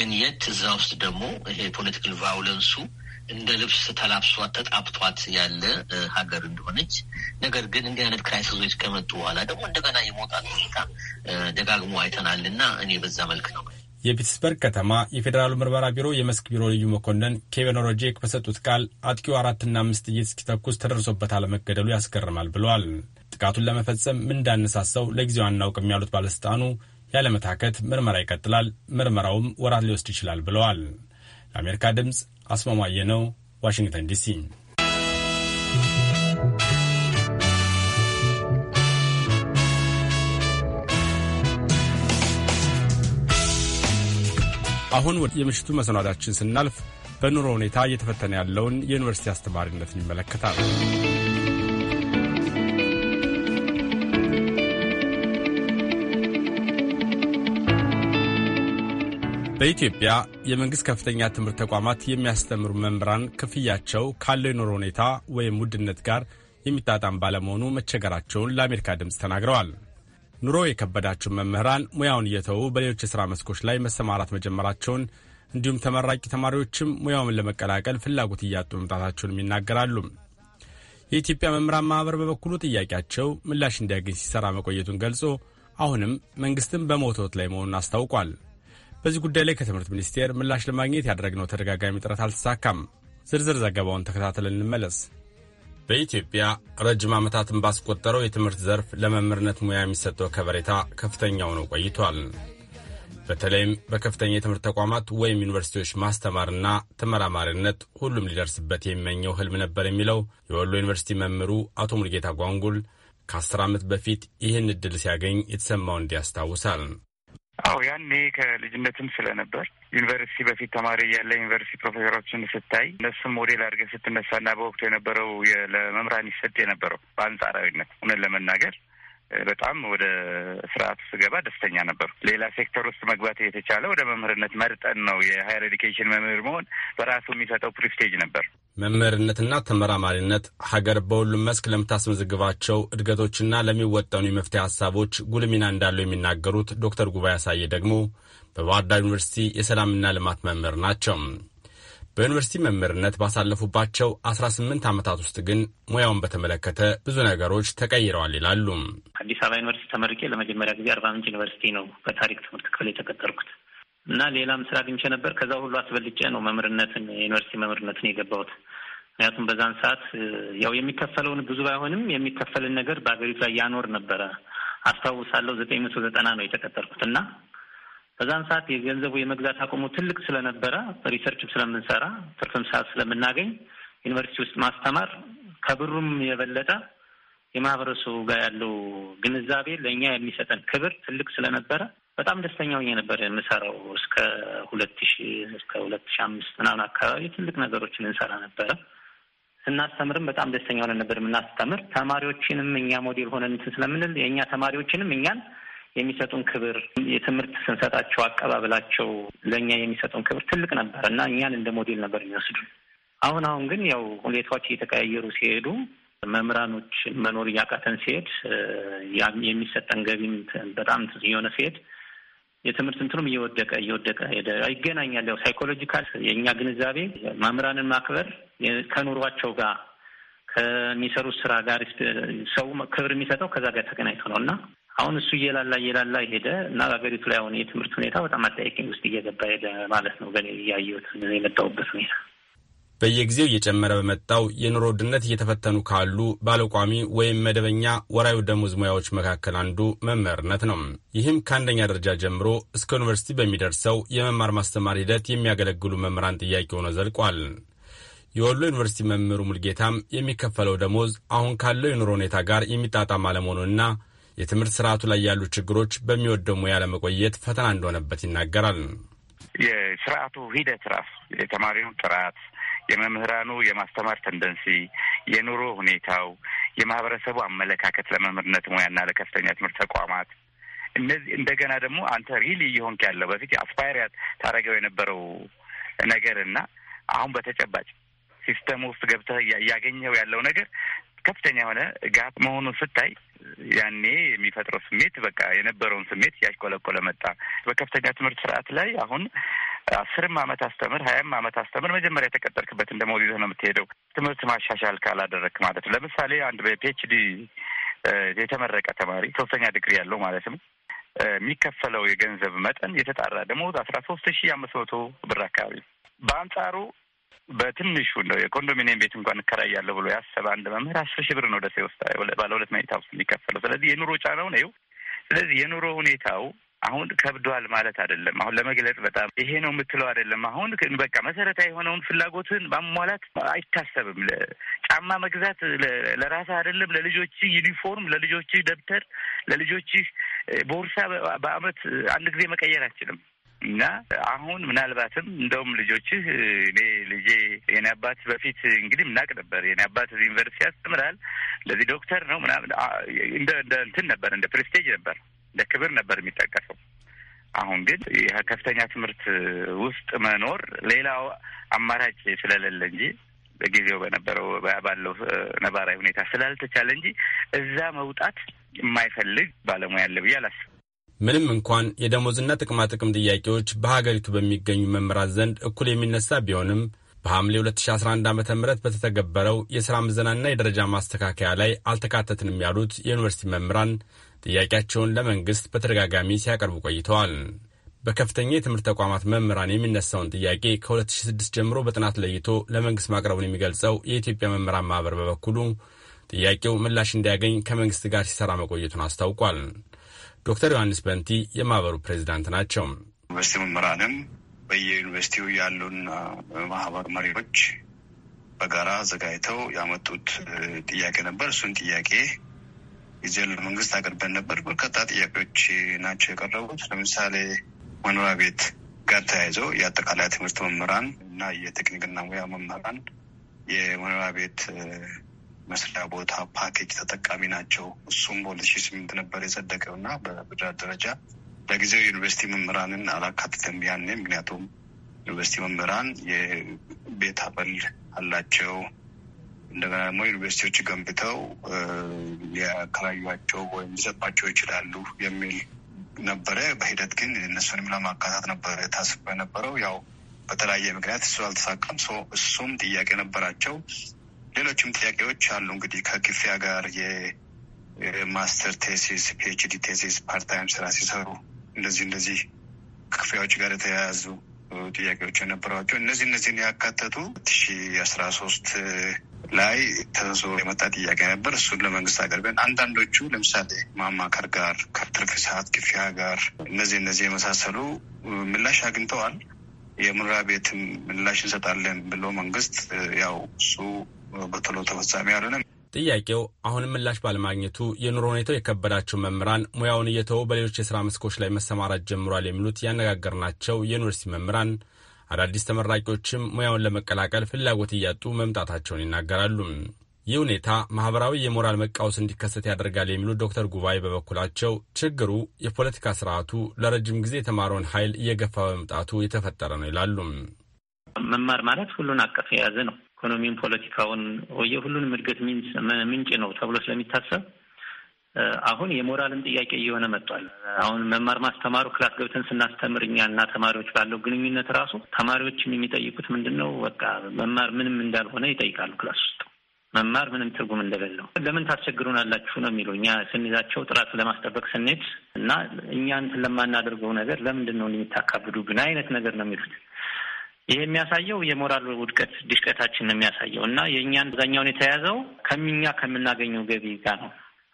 እንየት እዛ ውስጥ ደግሞ ይሄ ፖለቲካል ቫዮለንሱ እንደ ልብስ ተላብሷ ተጣብቷት ያለ ሀገር እንደሆነች ነገር ግን እንዲህ አይነት ክራይሲሶች ከመጡ በኋላ ደግሞ እንደገና የመውጣት ሁኔታ ደጋግሞ አይተናል እና እኔ በዛ መልክ ነው። የፒትስበርግ ከተማ የፌዴራሉ ምርመራ ቢሮ የመስክ ቢሮ ልዩ መኮንን ኬቨን ሮጄክ በሰጡት ቃል አጥቂው አራትና አምስት ጥይት እስኪተኩስ ተደርሶበት አለመገደሉ ያስገርማል ብለዋል። ጥቃቱን ለመፈጸም ምን እንዳነሳሳው ለጊዜው አናውቅም ያሉት ባለስልጣኑ ያለመታከት ምርመራ ይቀጥላል፣ ምርመራውም ወራት ሊወስድ ይችላል ብለዋል። ለአሜሪካ ድምፅ አስማማየ ነው፣ ዋሽንግተን ዲሲ። አሁን ወደ የምሽቱ መሰናዳችን ስናልፍ በኑሮ ሁኔታ እየተፈተነ ያለውን የዩኒቨርሲቲ አስተማሪነትን ይመለከታል። በኢትዮጵያ የመንግሥት ከፍተኛ ትምህርት ተቋማት የሚያስተምሩ መምህራን ክፍያቸው ካለው የኑሮ ሁኔታ ወይም ውድነት ጋር የሚጣጣም ባለመሆኑ መቸገራቸውን ለአሜሪካ ድምፅ ተናግረዋል። ኑሮ የከበዳቸው መምህራን ሙያውን እየተዉ በሌሎች የሥራ መስኮች ላይ መሰማራት መጀመራቸውን እንዲሁም ተመራቂ ተማሪዎችም ሙያውን ለመቀላቀል ፍላጎት እያጡ መምጣታቸውንም ይናገራሉ። የኢትዮጵያ መምህራን ማኅበር በበኩሉ ጥያቄያቸው ምላሽ እንዲያገኝ ሲሠራ መቆየቱን ገልጾ አሁንም መንግሥትም በመወትወት ላይ መሆኑን አስታውቋል። በዚህ ጉዳይ ላይ ከትምህርት ሚኒስቴር ምላሽ ለማግኘት ያደረግነው ተደጋጋሚ ጥረት አልተሳካም። ዝርዝር ዘገባውን ተከታትለን እንመለስ። በኢትዮጵያ ረጅም ዓመታትን ባስቆጠረው የትምህርት ዘርፍ ለመምህርነት ሙያ የሚሰጠው ከበሬታ ከፍተኛ ሆኖ ቆይቷል። በተለይም በከፍተኛ የትምህርት ተቋማት ወይም ዩኒቨርሲቲዎች ማስተማርና ተመራማሪነት ሁሉም ሊደርስበት የሚመኘው ህልም ነበር የሚለው የወሎ ዩኒቨርሲቲ መምህሩ አቶ ሙልጌታ ጓንጉል ከአስር ዓመት በፊት ይህን ዕድል ሲያገኝ የተሰማው እንዲያስታውሳል። አዎ ያኔ ከልጅነትም ስለነበር ዩኒቨርሲቲ በፊት ተማሪ እያለ ዩኒቨርሲቲ ፕሮፌሰሮችን ስታይ እነሱም ሞዴል አድርገህ ስትነሳና በወቅቱ የነበረው ለመምህራን ይሰጥ የነበረው በአንጻራዊነት እውነት ለመናገር በጣም ወደ ስርዓቱ ስገባ ደስተኛ ነበሩ። ሌላ ሴክተር ውስጥ መግባት የተቻለ ወደ መምህርነት መርጠን ነው። የሀየር ኤዲኬሽን መምህር መሆን በራሱ የሚሰጠው ፕሪስቴጅ ነበር። መምህርነትና ተመራማሪነት ሀገር በሁሉም መስክ ለምታስመዘግባቸው እድገቶችና ለሚወጠኑ የመፍትሄ ሀሳቦች ጉልህ ሚና እንዳለው የሚናገሩት ዶክተር ጉባኤ አሳየ ደግሞ በባህር ዳር ዩኒቨርሲቲ የሰላምና ልማት መምህር ናቸው። በዩኒቨርሲቲ መምህርነት ባሳለፉባቸው 18 ዓመታት ውስጥ ግን ሙያውን በተመለከተ ብዙ ነገሮች ተቀይረዋል ይላሉ። አዲስ አበባ ዩኒቨርሲቲ ተመርቄ ለመጀመሪያ ጊዜ አርባ ምንጭ ዩኒቨርሲቲ ነው በታሪክ ትምህርት ክፍል የተቀጠርኩት። እና ሌላም ስራ አግኝቼ ነበር። ከዛ ሁሉ አስበልጬ ነው መምህርነትን የዩኒቨርሲቲ መምህርነትን የገባሁት። ምክንያቱም በዛን ሰዓት ያው የሚከፈለውን ብዙ ባይሆንም የሚከፈልን ነገር በሀገሪቱ ላይ ያኖር ነበረ። አስታውሳለሁ ዘጠኝ መቶ ዘጠና ነው የተቀጠርኩት እና በዛን ሰዓት የገንዘቡ የመግዛት አቁሙ ትልቅ ስለነበረ ሪሰርችም ስለምንሰራ ትርፍም ሰዓት ስለምናገኝ ዩኒቨርሲቲ ውስጥ ማስተማር ከብሩም የበለጠ የማህበረሰቡ ጋር ያለው ግንዛቤ ለእኛ የሚሰጠን ክብር ትልቅ ስለነበረ በጣም ደስተኛ ሆኜ ነበር የምሰራው። እስከ ሁለት ሺ እስከ ሁለት ሺ አምስት ምናምን አካባቢ ትልቅ ነገሮችን እንሰራ ነበረ። ስናስተምርም በጣም ደስተኛ ሆነን ነበር የምናስተምር። ተማሪዎችንም እኛ ሞዴል ሆነን እንትን ስለምንል የእኛ ተማሪዎችንም እኛን የሚሰጡን ክብር፣ የትምህርት ስንሰጣቸው አቀባበላቸው ለእኛ የሚሰጡን ክብር ትልቅ ነበር እና እኛን እንደ ሞዴል ነበር የሚወስዱ። አሁን አሁን ግን ያው ሁኔታዎች እየተቀያየሩ ሲሄዱ መምህራኖች መኖር እያቃተን ሲሄድ የሚሰጠን ገቢም በጣም እየሆነ ሲሄድ የትምህርት እንትኑም እየወደቀ እየወደቀ ሄደ። ይገናኛል። ያው ሳይኮሎጂካል የእኛ ግንዛቤ መምህራንን ማክበር ከኑሯቸው ጋር ከሚሰሩት ስራ ጋር ሰው ክብር የሚሰጠው ከዛ ጋር ተገናኝቶ ነው እና አሁን እሱ እየላላ እየላላ ሄደ እና በሀገሪቱ ላይ አሁን የትምህርት ሁኔታ በጣም አጠያቂ ውስጥ እየገባ ሄደ ማለት ነው። በእኔ እያየሁት የመጣሁበት ሁኔታ በየጊዜው እየጨመረ በመጣው የኑሮ ውድነት እየተፈተኑ ካሉ ባለቋሚ ወይም መደበኛ ወራዊ ደሞዝ ሙያዎች መካከል አንዱ መምህርነት ነው። ይህም ከአንደኛ ደረጃ ጀምሮ እስከ ዩኒቨርሲቲ በሚደርሰው የመማር ማስተማር ሂደት የሚያገለግሉ መምህራን ጥያቄ ሆኖ ዘልቋል። የወሎ ዩኒቨርሲቲ መምህሩ ሙልጌታም የሚከፈለው ደሞዝ አሁን ካለው የኑሮ ሁኔታ ጋር የሚጣጣም አለመሆኑና የትምህርት ስርዓቱ ላይ ያሉ ችግሮች በሚወደው ሙያ ለመቆየት ፈተና እንደሆነበት ይናገራል። የስርዓቱ ሂደት ራሱ የተማሪውን ጥራት የመምህራኑ የማስተማር ተንደንሲ፣ የኑሮ ሁኔታው፣ የማህበረሰቡ አመለካከት ለመምህርነት ሙያና ለከፍተኛ ትምህርት ተቋማት እነዚህ እንደገና ደግሞ አንተ ሪሊ እየሆንክ ያለው በፊት አስፓየር ታደረገው የነበረው ነገር እና አሁን በተጨባጭ ሲስተም ውስጥ ገብተህ እያገኘኸው ያለው ነገር ከፍተኛ የሆነ ጋፕ መሆኑን ስታይ ያኔ የሚፈጥረው ስሜት በቃ የነበረውን ስሜት እያሽቆለቆለ መጣ። በከፍተኛ ትምህርት ስርዓት ላይ አሁን አስርም አመት አስተምር ሀያም አመት አስተምር መጀመሪያ የተቀጠርክበትን ደሞዝ ይዘህ ነው የምትሄደው። ትምህርት ማሻሻል ካላደረግክ ማለት ነው። ለምሳሌ አንድ በፒኤችዲ የተመረቀ ተማሪ ሶስተኛ ዲግሪ ያለው ማለት ነው የሚከፈለው የገንዘብ መጠን የተጣራ ደሞዝ አስራ ሶስት ሺ አምስት መቶ ብር አካባቢ በአንጻሩ በትንሹ እንደው የኮንዶሚኒየም ቤት እንኳን እከራያለሁ ብሎ ያሰበ አንድ መምህር አስር ሺህ ብር ነው ደሴ ውስጥ ባለ ሁለት መኝታ ውስጥ የሚከፈለው። ስለዚህ የኑሮ ጫናውን ይኸው። ስለዚህ የኑሮ ሁኔታው አሁን ከብዷል ማለት አይደለም። አሁን ለመግለጽ በጣም ይሄ ነው የምትለው አይደለም። አሁን በቃ መሰረታዊ የሆነውን ፍላጎትን ማሟላት አይታሰብም። ጫማ መግዛት ለራስ አይደለም፣ ለልጆች ዩኒፎርም፣ ለልጆች ደብተር፣ ለልጆች ቦርሳ በአመት አንድ ጊዜ መቀየር አችልም። እና አሁን ምናልባትም እንደውም ልጆችህ እኔ ልጄ የኔ አባት በፊት እንግዲህ ምናቅ ነበር የኔ አባት ዩኒቨርሲቲ ያስተምራል ለዚህ ዶክተር ነው ምናምን እንደ እንትን ነበር እንደ ፕሬስቴጅ ነበር ለክብር ክብር ነበር የሚጠቀሰው። አሁን ግን ከፍተኛ ትምህርት ውስጥ መኖር ሌላው አማራጭ ስለሌለ እንጂ በጊዜው በነበረው ባለው ነባራዊ ሁኔታ ስላልተቻለ እንጂ እዛ መውጣት የማይፈልግ ባለሙያ አለ ብዬ አላስብም። ምንም እንኳን የደሞዝና ጥቅም ጥያቄዎች በሀገሪቱ በሚገኙ መምህራን ዘንድ እኩል የሚነሳ ቢሆንም በሐምሌ 2011 ዓ ም በተተገበረው የሥራ ምዘናና የደረጃ ማስተካከያ ላይ አልተካተትንም ያሉት የዩኒቨርሲቲ መምህራን ጥያቄያቸውን ለመንግስት በተደጋጋሚ ሲያቀርቡ ቆይተዋል። በከፍተኛ የትምህርት ተቋማት መምህራን የሚነሳውን ጥያቄ ከ2006 ጀምሮ በጥናት ለይቶ ለመንግስት ማቅረቡን የሚገልጸው የኢትዮጵያ መምህራን ማኅበር በበኩሉ ጥያቄው ምላሽ እንዲያገኝ ከመንግስት ጋር ሲሰራ መቆየቱን አስታውቋል። ዶክተር ዮሐንስ በንቲ የማኅበሩ ፕሬዚዳንት ናቸው። ዩኒቨርስቲ መምህራንም በየዩኒቨርሲቲው ያሉን ማህበር መሪዎች በጋራ አዘጋጅተው ያመጡት ጥያቄ ነበር። እሱን ጥያቄ ጊዜ ለመንግስት አቅርበን ነበር። በርካታ ጥያቄዎች ናቸው የቀረቡት። ለምሳሌ መኖሪያ ቤት ጋር ተያይዞ የአጠቃላይ ትምህርት መምህራን እና የቴክኒክና ሙያ መምህራን የመኖሪያ ቤት መስሪያ ቦታ ፓኬጅ ተጠቃሚ ናቸው። እሱም በሁለት ሺ ስምንት ነበር የጸደቀው እና በብድራት ደረጃ ለጊዜው ዩኒቨርሲቲ መምህራንን አላካትተም። ያኔ ምክንያቱም ዩኒቨርሲቲ መምህራን የቤት አበል አላቸው እንደገና ደግሞ ዩኒቨርሲቲዎች ገንብተው ሊያከራዩቸው ወይም ሊሰጧቸው ይችላሉ የሚል ነበረ። በሂደት ግን እነሱንም ለማካታት ነበረ ታስቦ የነበረው ያው በተለያየ ምክንያት እሱ አልተሳካም። እሱም ጥያቄ ነበራቸው። ሌሎችም ጥያቄዎች አሉ። እንግዲህ ከክፍያ ጋር የማስተር ቴሲስ፣ ፒኤችዲ ቴሲስ፣ ፓርታይም ስራ ሲሰሩ እንደዚህ እንደዚህ ክፍያዎች ጋር የተያያዙ ጥያቄዎች የነበሯቸው እነዚህ እነዚህን ያካተቱ ሺ አስራ ሶስት ላይ ተንሶ የመጣ ጥያቄ ነበር። እሱን ለመንግስት አቅርበን አንዳንዶቹ ለምሳሌ ማማከር ጋር ከትርፍ ሰዓት ክፍያ ጋር እነዚህ እነዚህ የመሳሰሉ ምላሽ አግኝተዋል። የምራ ቤትም ምላሽ እንሰጣለን ብሎ መንግስት ያው እሱ በቶሎ ተፈጻሚ አልሆነም። ጥያቄው አሁንም ምላሽ ባለማግኘቱ የኑሮ ሁኔታው የከበዳቸው መምህራን ሙያውን እየተው በሌሎች የስራ መስኮች ላይ መሰማራት ጀምሯል የሚሉት ያነጋገርናቸው የዩኒቨርሲቲ መምህራን አዳዲስ ተመራቂዎችም ሙያውን ለመቀላቀል ፍላጎት እያጡ መምጣታቸውን ይናገራሉ። ይህ ሁኔታ ማህበራዊ የሞራል መቃወስ እንዲከሰት ያደርጋል የሚሉት ዶክተር ጉባኤ በበኩላቸው ችግሩ የፖለቲካ ስርዓቱ ለረጅም ጊዜ የተማረውን ኃይል እየገፋ በመምጣቱ የተፈጠረ ነው ይላሉ። መማር ማለት ሁሉን አቀፍ የያዘ ነው። ኢኮኖሚን፣ ፖለቲካውን፣ የሁሉንም እድገት ምንጭ ነው ተብሎ ስለሚታሰብ አሁን የሞራልም ጥያቄ እየሆነ መጥቷል። አሁን መማር ማስተማሩ ክላስ ገብተን ስናስተምር እኛ እና ተማሪዎች ባለው ግንኙነት ራሱ ተማሪዎችን የሚጠይቁት ምንድን ነው? በቃ መማር ምንም እንዳልሆነ ይጠይቃሉ። ክላስ ውስጥ መማር ምንም ትርጉም እንደሌለው ለምን ታስቸግሩን አላችሁ ነው የሚለው እኛ ስንይዛቸው ጥራት ለማስጠበቅ ስንሄድ እና እኛ እንትን ለማናደርገው ነገር ለምንድን ነው እንደሚታካብዱ ግን አይነት ነገር ነው የሚሉት። ይህ የሚያሳየው የሞራል ውድቀት ድሽቀታችን ነው የሚያሳየው እና የእኛን አብዛኛውን የተያዘው ከሚኛ ከምናገኘው ገቢ ጋር ነው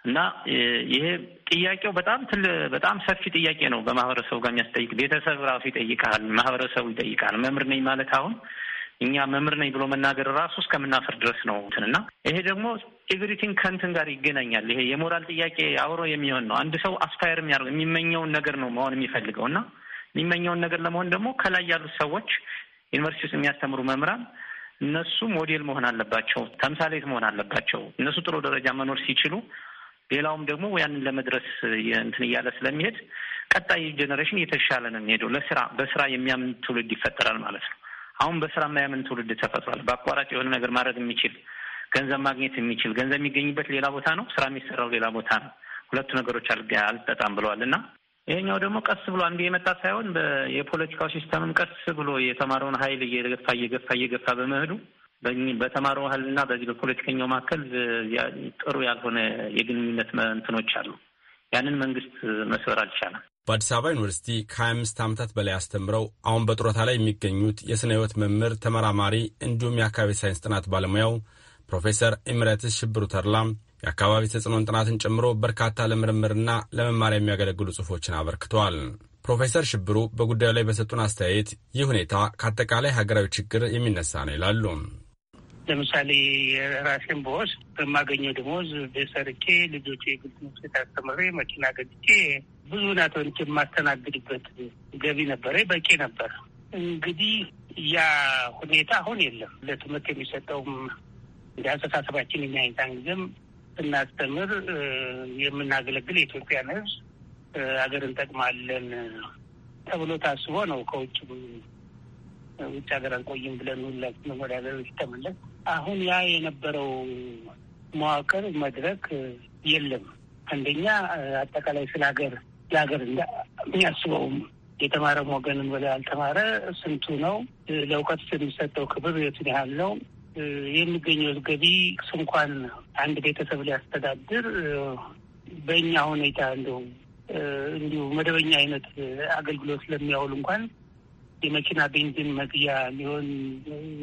እና ይሄ ጥያቄው በጣም ትል በጣም ሰፊ ጥያቄ ነው። በማህበረሰቡ ጋር የሚያስጠይቅ ቤተሰብ ራሱ ይጠይቃል፣ ማህበረሰቡ ይጠይቃል። መምህር ነኝ ማለት አሁን እኛ መምህር ነኝ ብሎ መናገር ራሱ እስከምናፍር ድረስ ነው እንትና ይሄ ደግሞ ኤቭሪቲንግ ከንትን ጋር ይገናኛል። ይሄ የሞራል ጥያቄ አብሮ የሚሆን ነው። አንድ ሰው አስፓየር የሚያደርገ የሚመኘውን ነገር ነው መሆን የሚፈልገው እና የሚመኘውን ነገር ለመሆን ደግሞ ከላይ ያሉት ሰዎች ዩኒቨርሲቲ ውስጥ የሚያስተምሩ መምህራን እነሱ ሞዴል መሆን አለባቸው፣ ተምሳሌት መሆን አለባቸው። እነሱ ጥሩ ደረጃ መኖር ሲችሉ ሌላውም ደግሞ ያንን ለመድረስ እንትን እያለ ስለሚሄድ ቀጣይ ጀነሬሽን እየተሻለ ነው የሚሄደው። ለስራ በስራ የሚያምን ትውልድ ይፈጠራል ማለት ነው። አሁን በስራ የማያምን ትውልድ ተፈጥሯል። በአቋራጭ የሆነ ነገር ማድረግ የሚችል ገንዘብ ማግኘት የሚችል ገንዘብ የሚገኝበት ሌላ ቦታ ነው፣ ስራ የሚሰራው ሌላ ቦታ ነው። ሁለቱ ነገሮች አልጠጣም ብለዋል እና ይሄኛው ደግሞ ቀስ ብሎ አንዱ የመጣ ሳይሆን የፖለቲካው ሲስተምም ቀስ ብሎ የተማረውን ኃይል እየገፋ እየገፋ እየገፋ በመሄዱ በተማረው እና በዚህ በፖለቲከኛው መካከል ጥሩ ያልሆነ የግንኙነት እንትኖች አሉ። ያንን መንግስት መስበር አልቻለም። በአዲስ አበባ ዩኒቨርሲቲ ከሀያ አምስት ዓመታት በላይ አስተምረው አሁን በጡረታ ላይ የሚገኙት የስነ ህይወት መምህር ተመራማሪ እንዲሁም የአካባቢ ሳይንስ ጥናት ባለሙያው ፕሮፌሰር ኢምረትስ ሽብሩ ተድላ የአካባቢ ተጽዕኖን ጥናትን ጨምሮ በርካታ ለምርምርና ለመማሪያ የሚያገለግሉ ጽሁፎችን አበርክተዋል። ፕሮፌሰር ሽብሩ በጉዳዩ ላይ በሰጡን አስተያየት ይህ ሁኔታ ከአጠቃላይ ሀገራዊ ችግር የሚነሳ ነው ይላሉ። ለምሳሌ የራሴን በወስድ በማገኘው ደሞዝ ሰርቼ ልጆች ግል ትምህርት ቤት አስተምሬ መኪና ገዝቼ ብዙ ናቶች የማስተናግድበት ገቢ ነበረ፣ በቂ ነበር። እንግዲህ ያ ሁኔታ አሁን የለም። ለትምህርት የሚሰጠውም እንደ አስተሳሰባችን የሚያይታን ጊዜም ስናስተምር የምናገለግል የኢትዮጵያን ሕዝብ ሀገር እንጠቅማለን ተብሎ ታስቦ ነው ከውጭ ውጭ ሀገር አልቆይም ብለን ሁላችንም ወደ ሀገር ተመለስ አሁን ያ የነበረው መዋቅር መድረክ የለም። አንደኛ አጠቃላይ ስለ ሀገር ለሀገር የሚያስበውም የተማረም ወገንም በላይ ያልተማረ ስንቱ ነው? ለእውቀት የሚሰጠው ክብር የቱን ያህል ነው? የሚገኘው ገቢ እንኳን አንድ ቤተሰብ ሊያስተዳድር በእኛ ሁኔታ እንደው እንዲሁ መደበኛ አይነት አገልግሎት ስለሚያውል እንኳን የመኪና ቤንዚን መግዣ ሊሆን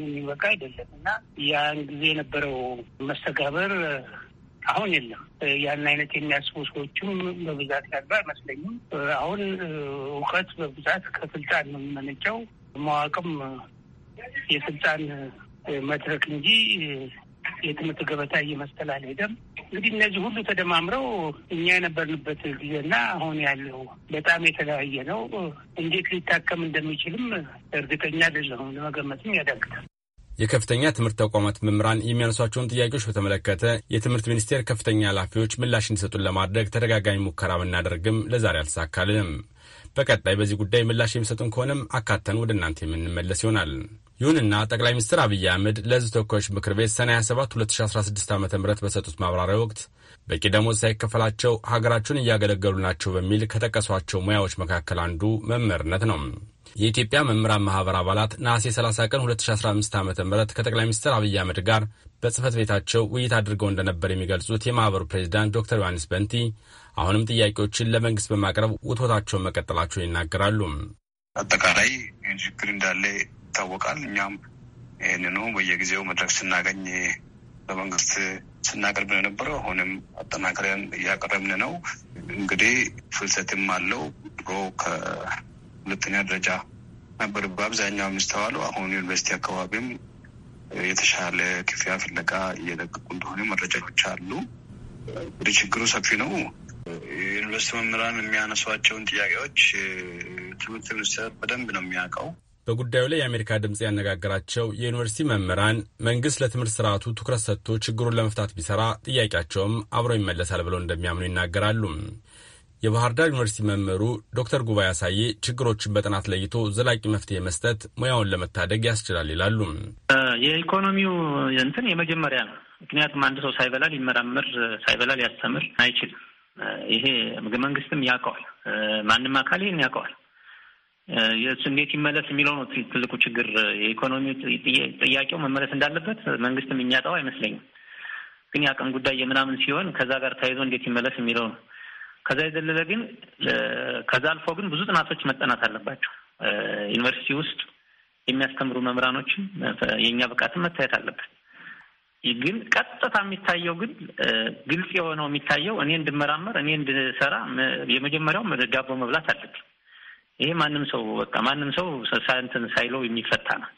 የሚበቃ አይደለም እና ያን ጊዜ የነበረው መስተጋበር አሁን የለም። ያን አይነት የሚያስቡ ሰዎችም በብዛት ያሉ አይመስለኝም። አሁን እውቀት በብዛት ከስልጣን ነው የሚመነጨው። ማዋቅም የስልጣን መድረክ እንጂ የትምህርት ገበታ እየመሰለ አልሄደም። እንግዲህ እነዚህ ሁሉ ተደማምረው እኛ የነበርንበት ጊዜና አሁን ያለው በጣም የተለያየ ነው። እንዴት ሊታከም እንደሚችልም እርግጠኛ አይደለሁም፣ ለመገመትም ያዳግታል። የከፍተኛ ትምህርት ተቋማት መምህራን የሚያነሷቸውን ጥያቄዎች በተመለከተ የትምህርት ሚኒስቴር ከፍተኛ ኃላፊዎች ምላሽ እንዲሰጡን ለማድረግ ተደጋጋሚ ሙከራ ብናደርግም ለዛሬ አልተሳካልንም። በቀጣይ በዚህ ጉዳይ ምላሽ የሚሰጡን ከሆነም አካተን ወደ እናንተ የምንመለስ ይሆናል። ይሁንና ጠቅላይ ሚኒስትር አብይ አህመድ ለሕዝብ ተወካዮች ምክር ቤት ሰኔ 27 2016 ዓ ም በሰጡት ማብራሪያ ወቅት በቂ ደሞዝ ሳይከፈላቸው ሀገራቸውን እያገለገሉ ናቸው በሚል ከጠቀሷቸው ሙያዎች መካከል አንዱ መምህርነት ነው። የኢትዮጵያ መምህራን ማህበር አባላት ነሐሴ 30 ቀን 2015 ዓ ም ከጠቅላይ ሚኒስትር አብይ አህመድ ጋር በጽህፈት ቤታቸው ውይይት አድርገው እንደነበር የሚገልጹት የማህበሩ ፕሬዚዳንት ዶክተር ዮሐንስ በንቲ አሁንም ጥያቄዎችን ለመንግስት በማቅረብ ውትወታቸውን መቀጠላቸውን ይናገራሉ። አጠቃላይ ችግር እንዳለ ይታወቃል። እኛም ይህንኑ በየጊዜው መድረክ ስናገኝ በመንግስት ስናቀርብ ነው የነበረው። አሁንም አጠናክረን እያቀረብን ነው። እንግዲህ ፍልሰትም አለው። ድሮ ከሁለተኛ ደረጃ ነበር በአብዛኛው የሚስተዋለው። አሁን ዩኒቨርሲቲ አካባቢም የተሻለ ክፍያ ፍለጋ እየለቀቁ እንደሆነ መረጃዎች አሉ። እንግዲህ ችግሩ ሰፊ ነው። የዩኒቨርስቲ መምህራን የሚያነሷቸውን ጥያቄዎች ትምህርት ሚኒስቴር በደንብ ነው የሚያውቀው። በጉዳዩ ላይ የአሜሪካ ድምፅ ያነጋገራቸው የዩኒቨርሲቲ መምህራን መንግስት ለትምህርት ስርዓቱ ትኩረት ሰጥቶ ችግሩን ለመፍታት ቢሰራ ጥያቄያቸውም አብሮ ይመለሳል ብለው እንደሚያምኑ ይናገራሉ። የባህር ዳር ዩኒቨርሲቲ መምህሩ ዶክተር ጉባኤ አሳዬ ችግሮችን በጥናት ለይቶ ዘላቂ መፍትሄ መስጠት ሙያውን ለመታደግ ያስችላል ይላሉ። የኢኮኖሚው እንትን የመጀመሪያ ነው። ምክንያቱም አንድ ሰው ሳይበላ ይመራምር ሳይበላ ሊያስተምር አይችልም። ይሄ መንግስትም ያውቀዋል። ማንም አካል ይህን ያውቀዋል። የእሱ እንዴት ይመለስ የሚለው ነው ትልቁ ችግር። የኢኮኖሚ ጥያቄው መመለስ እንዳለበት መንግስትም የሚያጠው አይመስለኝም። ግን የአቅም ጉዳይ የምናምን ሲሆን ከዛ ጋር ተያይዞ እንዴት ይመለስ የሚለው ነው። ከዛ የዘለለ ግን ከዛ አልፎ ግን ብዙ ጥናቶች መጠናት አለባቸው። ዩኒቨርሲቲ ውስጥ የሚያስተምሩ መምህራኖችም የእኛ ብቃትን መታየት አለበት። ግን ቀጥታ የሚታየው ግን ግልጽ የሆነው የሚታየው እኔ እንድመራመር እኔ እንድሰራ የመጀመሪያው ዳቦ መብላት አለብኝ። ይሄ ማንም ሰው በቃ ማንም ሰው እንትን ሳይለው የሚፈታ ነው።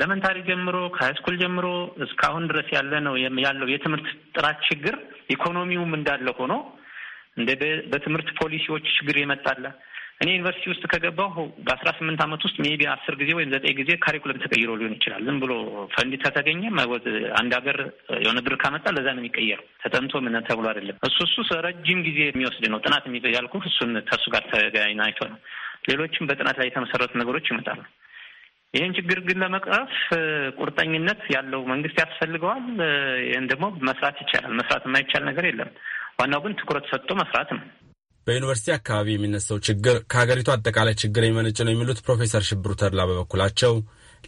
ለመንታሪ ጀምሮ ከሃይስኩል ጀምሮ እስካሁን ድረስ ያለ ነው ያለው የትምህርት ጥራት ችግር ኢኮኖሚውም እንዳለ ሆኖ እንደ በትምህርት ፖሊሲዎች ችግር የመጣለ እኔ ዩኒቨርሲቲ ውስጥ ከገባሁ በአስራ ስምንት አመት ውስጥ ሜቢ አስር ጊዜ ወይም ዘጠኝ ጊዜ ካሪኩለም ተቀይሮ ሊሆን ይችላል። ዝም ብሎ ፈንድ ከተገኘ አንድ ሀገር የሆነ ብር ካመጣ ለዛ ነው የሚቀየረው። ተጠምቶ ምን ተብሎ አይደለም። እሱ እሱ ረጅም ጊዜ የሚወስድ ነው። ጥናት ያልኩ እሱን ከእሱ ጋር ተገናኝቶ ነው። ሌሎችም በጥናት ላይ የተመሰረቱ ነገሮች ይመጣሉ። ይህን ችግር ግን ለመቅረፍ ቁርጠኝነት ያለው መንግስት ያስፈልገዋል። ይህን ደግሞ መስራት ይቻላል። መስራት የማይቻል ነገር የለም። ዋናው ግን ትኩረት ሰጥቶ መስራት ነው። በዩኒቨርሲቲ አካባቢ የሚነሳው ችግር ከሀገሪቱ አጠቃላይ ችግር የሚመነጭ ነው የሚሉት ፕሮፌሰር ሽብሩ ተድላ በበኩላቸው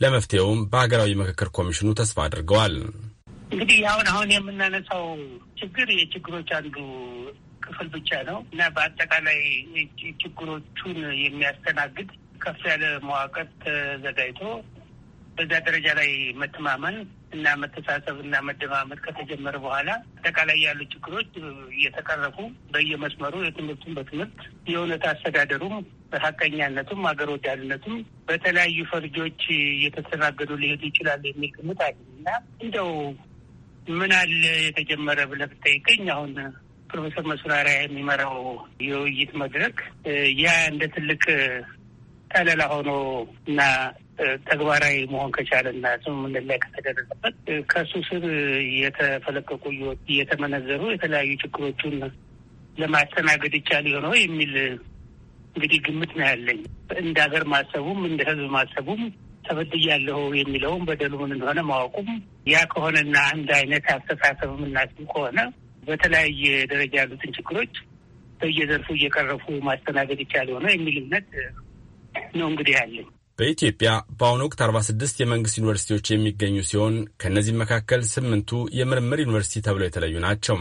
ለመፍትሄውም በሀገራዊ ምክክር ኮሚሽኑ ተስፋ አድርገዋል። እንግዲህ አሁን አሁን የምናነሳው ችግር የችግሮች አንዱ ክፍል ብቻ ነው እና በአጠቃላይ ችግሮቹን የሚያስተናግድ ከፍ ያለ መዋቅር ተዘጋጅቶ በዛ ደረጃ ላይ መተማመን እና መተሳሰብ እና መደማመጥ ከተጀመረ በኋላ አጠቃላይ ያሉ ችግሮች እየተቀረፉ በየመስመሩ የትምህርቱን በትምህርት የእውነት አስተዳደሩም በሀቀኛነቱም አገር ወዳድነቱም በተለያዩ ፈርጆች እየተስተናገዱ ሊሄዱ ይችላሉ የሚል ግምት አለ እና እንደው ምን አለ የተጀመረ ብለህ ብትጠይቀኝ አሁን ፕሮፌሰር መስራሪያ የሚመራው የውይይት መድረክ ያ እንደ ትልቅ ከለላ ሆኖ እና ተግባራዊ መሆን ከቻለና ስምምነት ላይ ከተደረሰበት ከእሱ ስር እየተፈለቀቁ እየተመነዘሩ የተለያዩ ችግሮቹን ለማስተናገድ ይቻል የሆነ የሚል እንግዲህ ግምት ነው ያለኝ። እንደ ሀገር ማሰቡም እንደ ህዝብ ማሰቡም ተበድያለሁ የሚለውም በደሉ ምን እንደሆነ ማወቁም ያ ከሆነና አንድ አይነት አስተሳሰብ የምናስብ ከሆነ በተለያየ ደረጃ ያሉትን ችግሮች በየዘርፉ እየቀረፉ ማስተናገድ ይቻል የሆነ የሚል እምነት ነው እንግዲህ ያለኝ። በኢትዮጵያ በአሁኑ ወቅት 46 የመንግስት ዩኒቨርሲቲዎች የሚገኙ ሲሆን ከእነዚህም መካከል ስምንቱ የምርምር ዩኒቨርሲቲ ተብለው የተለዩ ናቸው።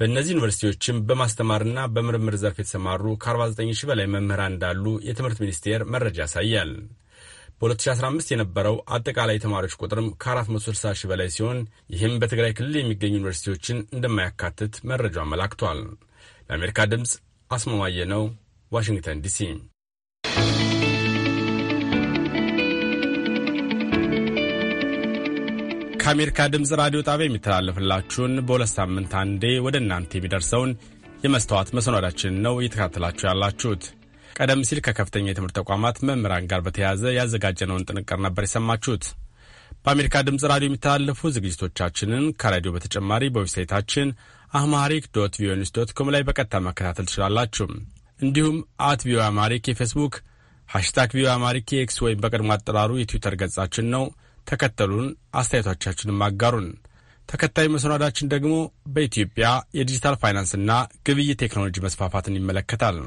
በእነዚህ ዩኒቨርሲቲዎችም በማስተማርና በምርምር ዘርፍ የተሰማሩ ከ49 ሺህ በላይ መምህራን እንዳሉ የትምህርት ሚኒስቴር መረጃ ያሳያል። በ2015 የነበረው አጠቃላይ የተማሪዎች ቁጥርም ከ460 ሺህ በላይ ሲሆን ይህም በትግራይ ክልል የሚገኙ ዩኒቨርሲቲዎችን እንደማያካትት መረጃው አመላክቷል። ለአሜሪካ ድምፅ አስማማየ ነው፣ ዋሽንግተን ዲሲ ከአሜሪካ ድምፅ ራዲዮ ጣቢያ የሚተላለፍላችሁን በሁለት ሳምንት አንዴ ወደ እናንተ የሚደርሰውን የመስተዋት መሰናዳችንን ነው እየተከታተላችሁ ያላችሁት። ቀደም ሲል ከከፍተኛ የትምህርት ተቋማት መምህራን ጋር በተያያዘ ያዘጋጀነውን ጥንቅር ነበር የሰማችሁት። በአሜሪካ ድምፅ ራዲዮ የሚተላለፉ ዝግጅቶቻችንን ከራዲዮ በተጨማሪ በዌብሳይታችን አማሪክ ዶት ቪኦኤ ኒውስ ዶት ኮም ላይ በቀጥታ መከታተል ትችላላችሁ። እንዲሁም አት ቪኦኤ አማሪክ የፌስቡክ ሃሽታግ ቪኦኤ አማሪክ የኤክስ ወይም በቀድሞ አጠራሩ የትዊተር ገጻችን ነው ተከተሉን፣ አስተያየቶቻችንም አጋሩን። ተከታዩ መሰናዳችን ደግሞ በኢትዮጵያ የዲጂታል ፋይናንስና ግብይት ቴክኖሎጂ መስፋፋትን ይመለከታል።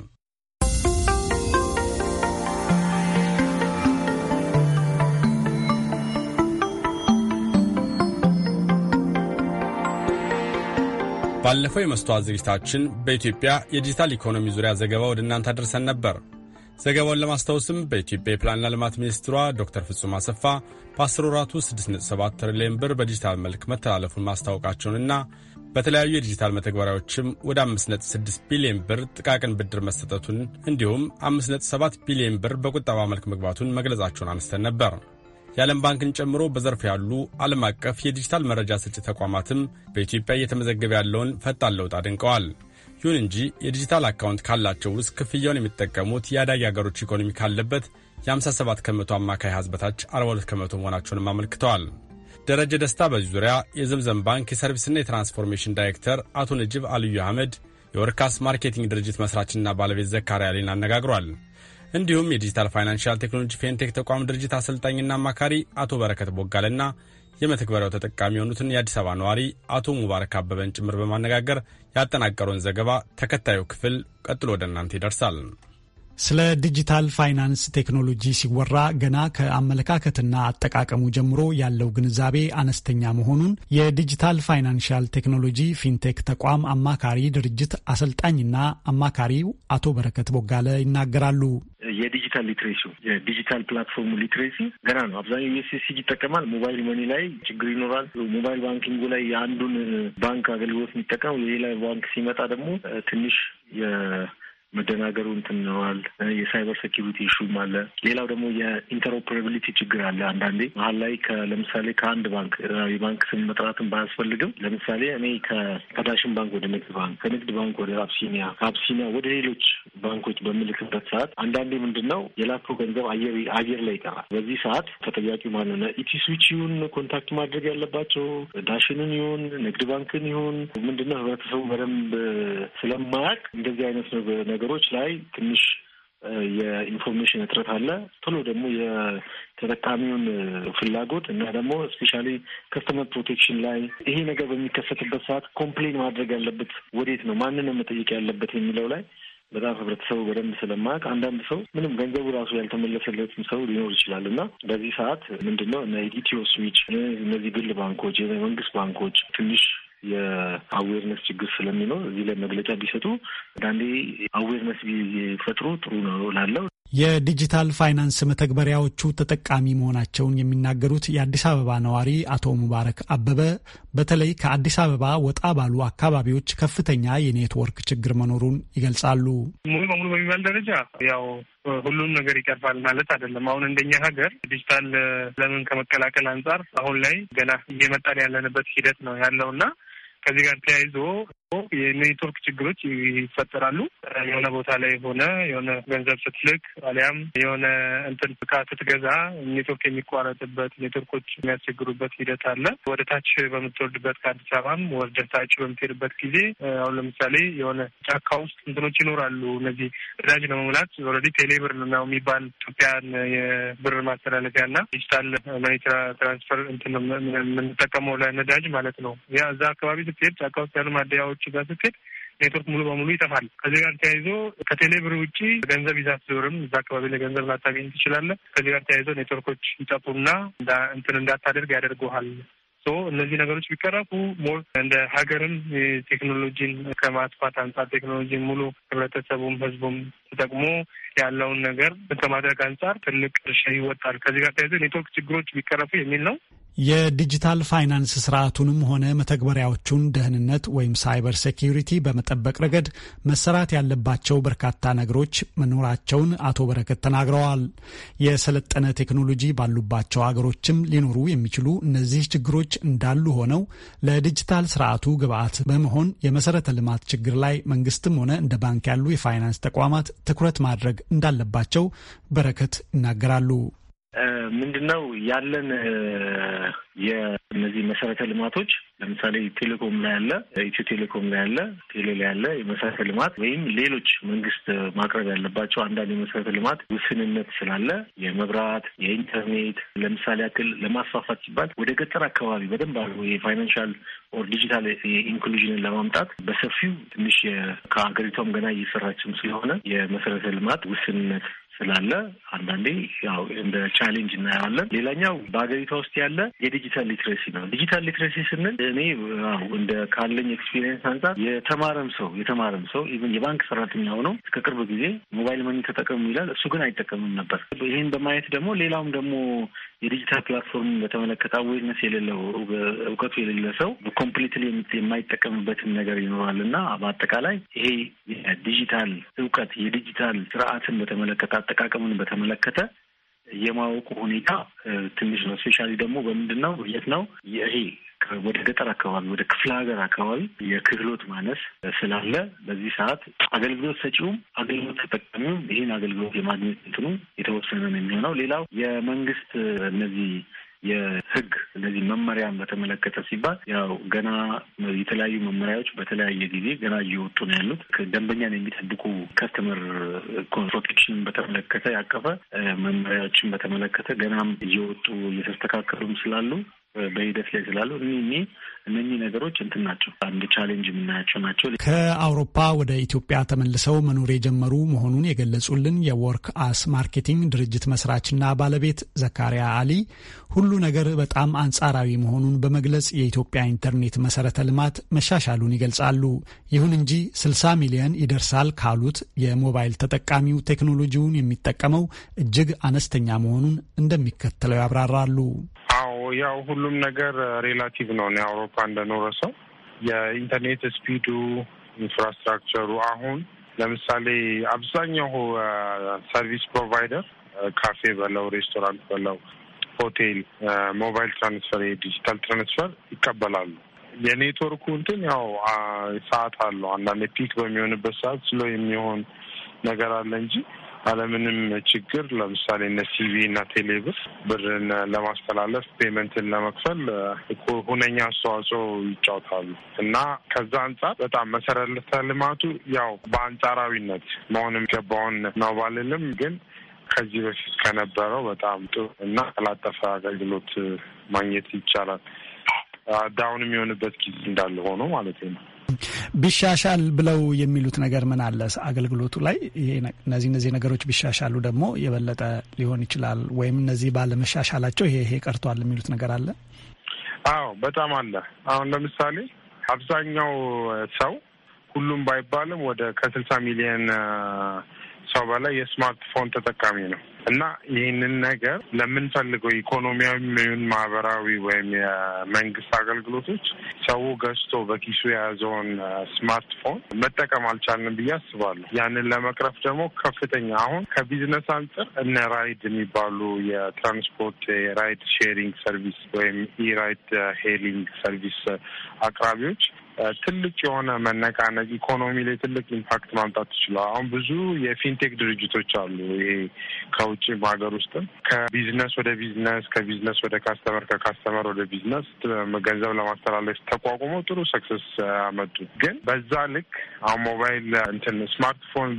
ባለፈው የመስተዋት ዝግጅታችን በኢትዮጵያ የዲጂታል ኢኮኖሚ ዙሪያ ዘገባ ወደ እናንተ አድርሰን ነበር። ዘገባውን ለማስታወስም በኢትዮጵያ የፕላንና ልማት ሚኒስትሯ ዶክተር ፍጹም አሰፋ በአስር ወራቱ 6.7 ትሪሊዮን ብር በዲጂታል መልክ መተላለፉን ማስታወቃቸውንና በተለያዩ የዲጂታል መተግበሪያዎችም ወደ 5.6 ቢሊዮን ብር ጥቃቅን ብድር መሰጠቱን እንዲሁም 5.7 ቢሊዮን ብር በቁጠባ መልክ መግባቱን መግለጻቸውን አንስተን ነበር። የዓለም ባንክን ጨምሮ በዘርፍ ያሉ ዓለም አቀፍ የዲጂታል መረጃ ስጭ ተቋማትም በኢትዮጵያ እየተመዘገበ ያለውን ፈጣን ለውጥ አድንቀዋል። ይሁን እንጂ የዲጂታል አካውንት ካላቸው ውስጥ ክፍያውን የሚጠቀሙት የአዳጊ አገሮች ኢኮኖሚ ካለበት የ57 ከመቶ አማካይ ሕዝብ በታች 42 ከመቶ መሆናቸውንም አመልክተዋል። ደረጀ ደስታ በዚህ ዙሪያ የዘምዘም ባንክ የሰርቪስና የትራንስፎርሜሽን ዳይሬክተር አቶ ንጅብ አልዩ አህመድ የወርካስ ማርኬቲንግ ድርጅት መስራችና ባለቤት ዘካሪያ ሌን አነጋግሯል። እንዲሁም የዲጂታል ፋይናንሽል ቴክኖሎጂ ፌንቴክ ተቋም ድርጅት አሰልጣኝና አማካሪ አቶ በረከት ቦጋለና የመተግበሪያው ተጠቃሚ የሆኑትን የአዲስ አበባ ነዋሪ አቶ ሙባረክ አበበን ጭምር በማነጋገር ያጠናቀረውን ዘገባ ተከታዩ ክፍል ቀጥሎ ወደ እናንተ ይደርሳል። ስለ ዲጂታል ፋይናንስ ቴክኖሎጂ ሲወራ ገና ከአመለካከትና አጠቃቀሙ ጀምሮ ያለው ግንዛቤ አነስተኛ መሆኑን የዲጂታል ፋይናንሻል ቴክኖሎጂ ፊንቴክ ተቋም አማካሪ ድርጅት አሰልጣኝና አማካሪው አቶ በረከት ቦጋለ ይናገራሉ። የዲጂታል ሊትሬሲ የዲጂታል ፕላትፎርም ሊትሬሲ ገና ነው። አብዛኛው ዩኤስኤስዲ ይጠቀማል። ሞባይል መኒ ላይ ችግር ይኖራል። ሞባይል ባንኪንጉ ላይ የአንዱን ባንክ አገልግሎት የሚጠቀም የሌላ ባንክ ሲመጣ ደግሞ ትንሽ መደናገሩ እንትንነዋል የሳይበር ሴኪሪቲ ኢሹም አለ። ሌላው ደግሞ የኢንተርኦፕሬቢሊቲ ችግር አለ። አንዳንዴ መሀል ላይ ለምሳሌ ከአንድ ባንክ የባንክ ስም መጥራትን ባያስፈልግም ለምሳሌ እኔ ከዳሽን ባንክ ወደ ንግድ ባንክ፣ ከንግድ ባንክ ወደ አብሲኒያ፣ ከአብሲኒያ ወደ ሌሎች ባንኮች በምልክበት ሰዓት አንዳንዴ ምንድን ነው የላከው ገንዘብ አየር ላይ ይቀራል። በዚህ ሰዓት ተጠያቂው ማንነ ኢቲስዊችውን ኮንታክት ማድረግ ያለባቸው ዳሽንን ይሁን ንግድ ባንክን ይሁን ምንድነው ህብረተሰቡ በደንብ ስለማያውቅ እንደዚህ አይነት ነው ነገሮች ላይ ትንሽ የኢንፎርሜሽን እጥረት አለ። ቶሎ ደግሞ የተጠቃሚውን ፍላጎት እና ደግሞ ስፔሻሊ ከስተመር ፕሮቴክሽን ላይ ይሄ ነገር በሚከሰትበት ሰዓት ኮምፕሌን ማድረግ ያለበት ወዴት ነው፣ ማንንም መጠየቅ ያለበት የሚለው ላይ በጣም ህብረተሰቡ በደንብ ስለማያውቅ አንዳንድ ሰው ምንም ገንዘቡ ራሱ ያልተመለሰለትም ሰው ሊኖር ይችላል እና በዚህ ሰዓት ምንድን ነው ኢትዮ ስዊች፣ እነዚህ ግል ባንኮች፣ የመንግስት ባንኮች ትንሽ የአዌርነስ ችግር ስለሚኖር እዚህ ላይ መግለጫ ቢሰጡ አንዳንዴ አዌርነስ ቢፈጥሩ ጥሩ ነው ላለው የዲጂታል ፋይናንስ መተግበሪያዎቹ ተጠቃሚ መሆናቸውን የሚናገሩት የአዲስ አበባ ነዋሪ አቶ ሙባረክ አበበ በተለይ ከአዲስ አበባ ወጣ ባሉ አካባቢዎች ከፍተኛ የኔትወርክ ችግር መኖሩን ይገልጻሉ። ሙሉ በሙሉ በሚባል ደረጃ ያው ሁሉም ነገር ይቀርባል ማለት አይደለም። አሁን እንደኛ ሀገር ዲጂታል ለምን ከመቀላቀል አንጻር አሁን ላይ ገና እየመጣን ያለንበት ሂደት ነው ያለው እና ከዚህ ጋር ተያይዞ የኔትወርክ ችግሮች ይፈጠራሉ። የሆነ ቦታ ላይ ሆነ የሆነ ገንዘብ ስትልክ አሊያም የሆነ እንትን ፍቃ ስትገዛ ኔትወርክ የሚቋረጥበት ኔትወርኮች የሚያስቸግሩበት ሂደት አለ። ወደ ታች በምትወርድበት ከአዲስ አበባም ወደ ታች በምትሄድበት ጊዜ አሁን ለምሳሌ የሆነ ጫካ ውስጥ እንትኖች ይኖራሉ። እነዚህ እዳጅ ለመሙላት ኦልሬዲ ቴሌብር ነው የሚባል ኢትዮጵያን የብር ማስተላለፊያ እና ዲጂታል መኒ ትራንስፈር እንትን የምንጠቀመው ለነዳጅ ማለት ነው። ያ እዛ አካባቢ ስትሄድ ጫካ ውስጥ ያሉ ማደያዎች ባንኮች ጋር ስትሄድ ኔትወርክ ሙሉ በሙሉ ይጠፋል። ከዚህ ጋር ተያይዞ ከቴሌብር ውጭ ገንዘብ ይዛ ትዞርም እዛ አካባቢ ላይ ገንዘብ ላታገኝ ትችላለህ። ከዚህ ጋር ተያይዞ ኔትወርኮች ይጠፉና እንትን እንዳታደርግ ያደርገዋል። እነዚህ ነገሮች ቢቀረፉ ሞር እንደ ሀገርም ቴክኖሎጂን ከማጥፋት አንጻር ቴክኖሎጂን ሙሉ ህብረተሰቡም ህዝቡም ተጠቅሞ ያለውን ነገር ከማድረግ አንጻር ትልቅ ድርሻ ይወጣል። ከዚህ ጋር ተያይዘ ኔትወርክ ችግሮች ቢቀረፉ የሚል ነው። የዲጂታል ፋይናንስ ስርዓቱንም ሆነ መተግበሪያዎቹን ደህንነት ወይም ሳይበር ሴኪሪቲ በመጠበቅ ረገድ መሰራት ያለባቸው በርካታ ነገሮች መኖራቸውን አቶ በረከት ተናግረዋል። የሰለጠነ ቴክኖሎጂ ባሉባቸው አገሮችም ሊኖሩ የሚችሉ እነዚህ ችግሮች እንዳሉ ሆነው ለዲጂታል ስርዓቱ ግብዓት በመሆን የመሰረተ ልማት ችግር ላይ መንግስትም ሆነ እንደ ባንክ ያሉ የፋይናንስ ተቋማት ትኩረት ማድረግ እንዳለባቸው በረከት ይናገራሉ። ምንድነው ያለን የእነዚህ መሰረተ ልማቶች ለምሳሌ ቴሌኮም ላይ ያለ ኢትዮ ቴሌኮም ላይ ያለ ቴሌ ላይ ያለ የመሰረተ ልማት ወይም ሌሎች መንግስት ማቅረብ ያለባቸው አንዳንድ የመሰረተ ልማት ውስንነት ስላለ የመብራት፣ የኢንተርኔት ለምሳሌ ያክል ለማስፋፋት ሲባል ወደ ገጠር አካባቢ በደንብ አሉ የፋይናንሻል ኦር ዲጂታል ኢንክሉዥንን ለማምጣት በሰፊው ትንሽ ከሀገሪቷም ገና እየሰራችም ስለሆነ የመሰረተ ልማት ውስንነት ስላለ አንዳንዴ ያው እንደ ቻሌንጅ እናየዋለን። ሌላኛው በሀገሪቷ ውስጥ ያለ የዲጂታል ሊትሬሲ ነው። ዲጂታል ሊትሬሲ ስንል እኔ እንደ ካለኝ ኤክስፒሪየንስ አንጻር የተማረም ሰው የተማረም ሰው ኢቨን የባንክ ሰራተኛ ሆነው እስከ ቅርብ ጊዜ ሞባይል መኒ ተጠቀሙ ይላል፣ እሱ ግን አይጠቀምም ነበር። ይህን በማየት ደግሞ ሌላውም ደግሞ የዲጂታል ፕላትፎርም በተመለከተ አዌርነስ የሌለው እውቀቱ የሌለ ሰው ኮምፕሊትሊ የማይጠቀምበትን ነገር ይኖራል እና በአጠቃላይ ይሄ የዲጂታል እውቀት የዲጂታል ስርዓትን በተመለከተ አጠቃቀምን በተመለከተ የማወቁ ሁኔታ ትንሽ ነው። ስፔሻሊ ደግሞ በምንድን ነው የት ነው ይሄ ወደ ገጠር አካባቢ ወደ ክፍለ ሀገር አካባቢ የክህሎት ማነስ ስላለ በዚህ ሰዓት አገልግሎት ሰጪውም አገልግሎት ተጠቃሚውም ይህን አገልግሎት የማግኘት እንትኑ የተወሰነ ነው የሚሆነው። ሌላው የመንግስት እነዚህ የህግ እነዚህ መመሪያን በተመለከተ ሲባል ያው ገና የተለያዩ መመሪያዎች በተለያየ ጊዜ ገና እየወጡ ነው ያሉት። ደንበኛን የሚጠብቁ ከስተመር ኮንስትሮክሽንን በተመለከተ ያቀፈ መመሪያዎችን በተመለከተ ገናም እየወጡ እየተስተካከሉም ስላሉ በሂደት ላይ ስላሉ እኒህ እነኚህ ነገሮች እንትን ናቸው፣ አንድ ቻሌንጅ የምናያቸው ናቸው። ከአውሮፓ ወደ ኢትዮጵያ ተመልሰው መኖር የጀመሩ መሆኑን የገለጹልን የወርክ አስ ማርኬቲንግ ድርጅት መስራችና ባለቤት ዘካሪያ አሊ ሁሉ ነገር በጣም አንጻራዊ መሆኑን በመግለጽ የኢትዮጵያ ኢንተርኔት መሰረተ ልማት መሻሻሉን ይገልጻሉ። ይሁን እንጂ 60 ሚሊዮን ይደርሳል ካሉት የሞባይል ተጠቃሚው ቴክኖሎጂውን የሚጠቀመው እጅግ አነስተኛ መሆኑን እንደሚከተለው ያብራራሉ። ያው ሁሉም ነገር ሬላቲቭ ነው። እኔ አውሮፓ እንደኖረ ሰው የኢንተርኔት ስፒዱ፣ ኢንፍራስትራክቸሩ አሁን ለምሳሌ አብዛኛው ሰርቪስ ፕሮቫይደር ካፌ በለው ሬስቶራንት በለው ሆቴል፣ ሞባይል ትራንስፈር፣ የዲጂታል ትራንስፈር ይቀበላሉ። የኔትወርኩ እንትን ያው ሰዓት አለው። አንዳንድ ፒክ በሚሆንበት ሰዓት ስሎ የሚሆን ነገር አለ እንጂ አለምንም ችግር ለምሳሌ እነ ሲቪ እና ቴሌብር ብርን ለማስተላለፍ ፔመንትን ለመክፈል ሁነኛ አስተዋጽኦ ይጫወታሉ እና ከዛ አንጻር በጣም መሰረተ ልማቱ ያው በአንጻራዊነት መሆንም ገባውን ነው ባልልም ግን ከዚህ በፊት ከነበረው በጣም ጥሩ እና ቀላጠፈ አገልግሎት ማግኘት ይቻላል። ዳውን የሚሆንበት ጊዜ እንዳለ ሆኖ ማለት ነው። ቢሻሻል ብለው የሚሉት ነገር ምን አለ? አገልግሎቱ ላይ እነዚህ እነዚህ ነገሮች ቢሻሻሉ ደግሞ የበለጠ ሊሆን ይችላል ወይም እነዚህ ባለመሻሻላቸው ይሄ ይሄ ቀርቷል የሚሉት ነገር አለ? አዎ በጣም አለ። አሁን ለምሳሌ አብዛኛው ሰው ሁሉም ባይባልም ወደ ከስልሳ ሚሊዮን ሰው በላይ የስማርትፎን ተጠቃሚ ነው እና ይህንን ነገር ለምንፈልገው ኢኮኖሚያዊ፣ ማህበራዊ ወይም የመንግስት አገልግሎቶች ሰው ገዝቶ በኪሱ የያዘውን ስማርትፎን መጠቀም አልቻልንም ብዬ አስባለሁ። ያንን ለመቅረፍ ደግሞ ከፍተኛ አሁን ከቢዝነስ አንጻር እነ ራይድ የሚባሉ የትራንስፖርት የራይድ ሼሪንግ ሰርቪስ ወይም ኢራይድ ሄሊንግ ሰርቪስ አቅራቢዎች ትልቅ የሆነ መነቃነቅ ኢኮኖሚ ላይ ትልቅ ኢምፓክት ማምጣት ይችላል። አሁን ብዙ የፊንቴክ ድርጅቶች አሉ። ይሄ ከውጭ ሀገር ውስጥም ከቢዝነስ ወደ ቢዝነስ፣ ከቢዝነስ ወደ ካስተመር፣ ከካስተመር ወደ ቢዝነስ ገንዘብ ለማስተላለፍ ተቋቁመው ጥሩ ሰክሰስ አመጡ። ግን በዛ ልክ አሁን ሞባይል እንትን ስማርትፎን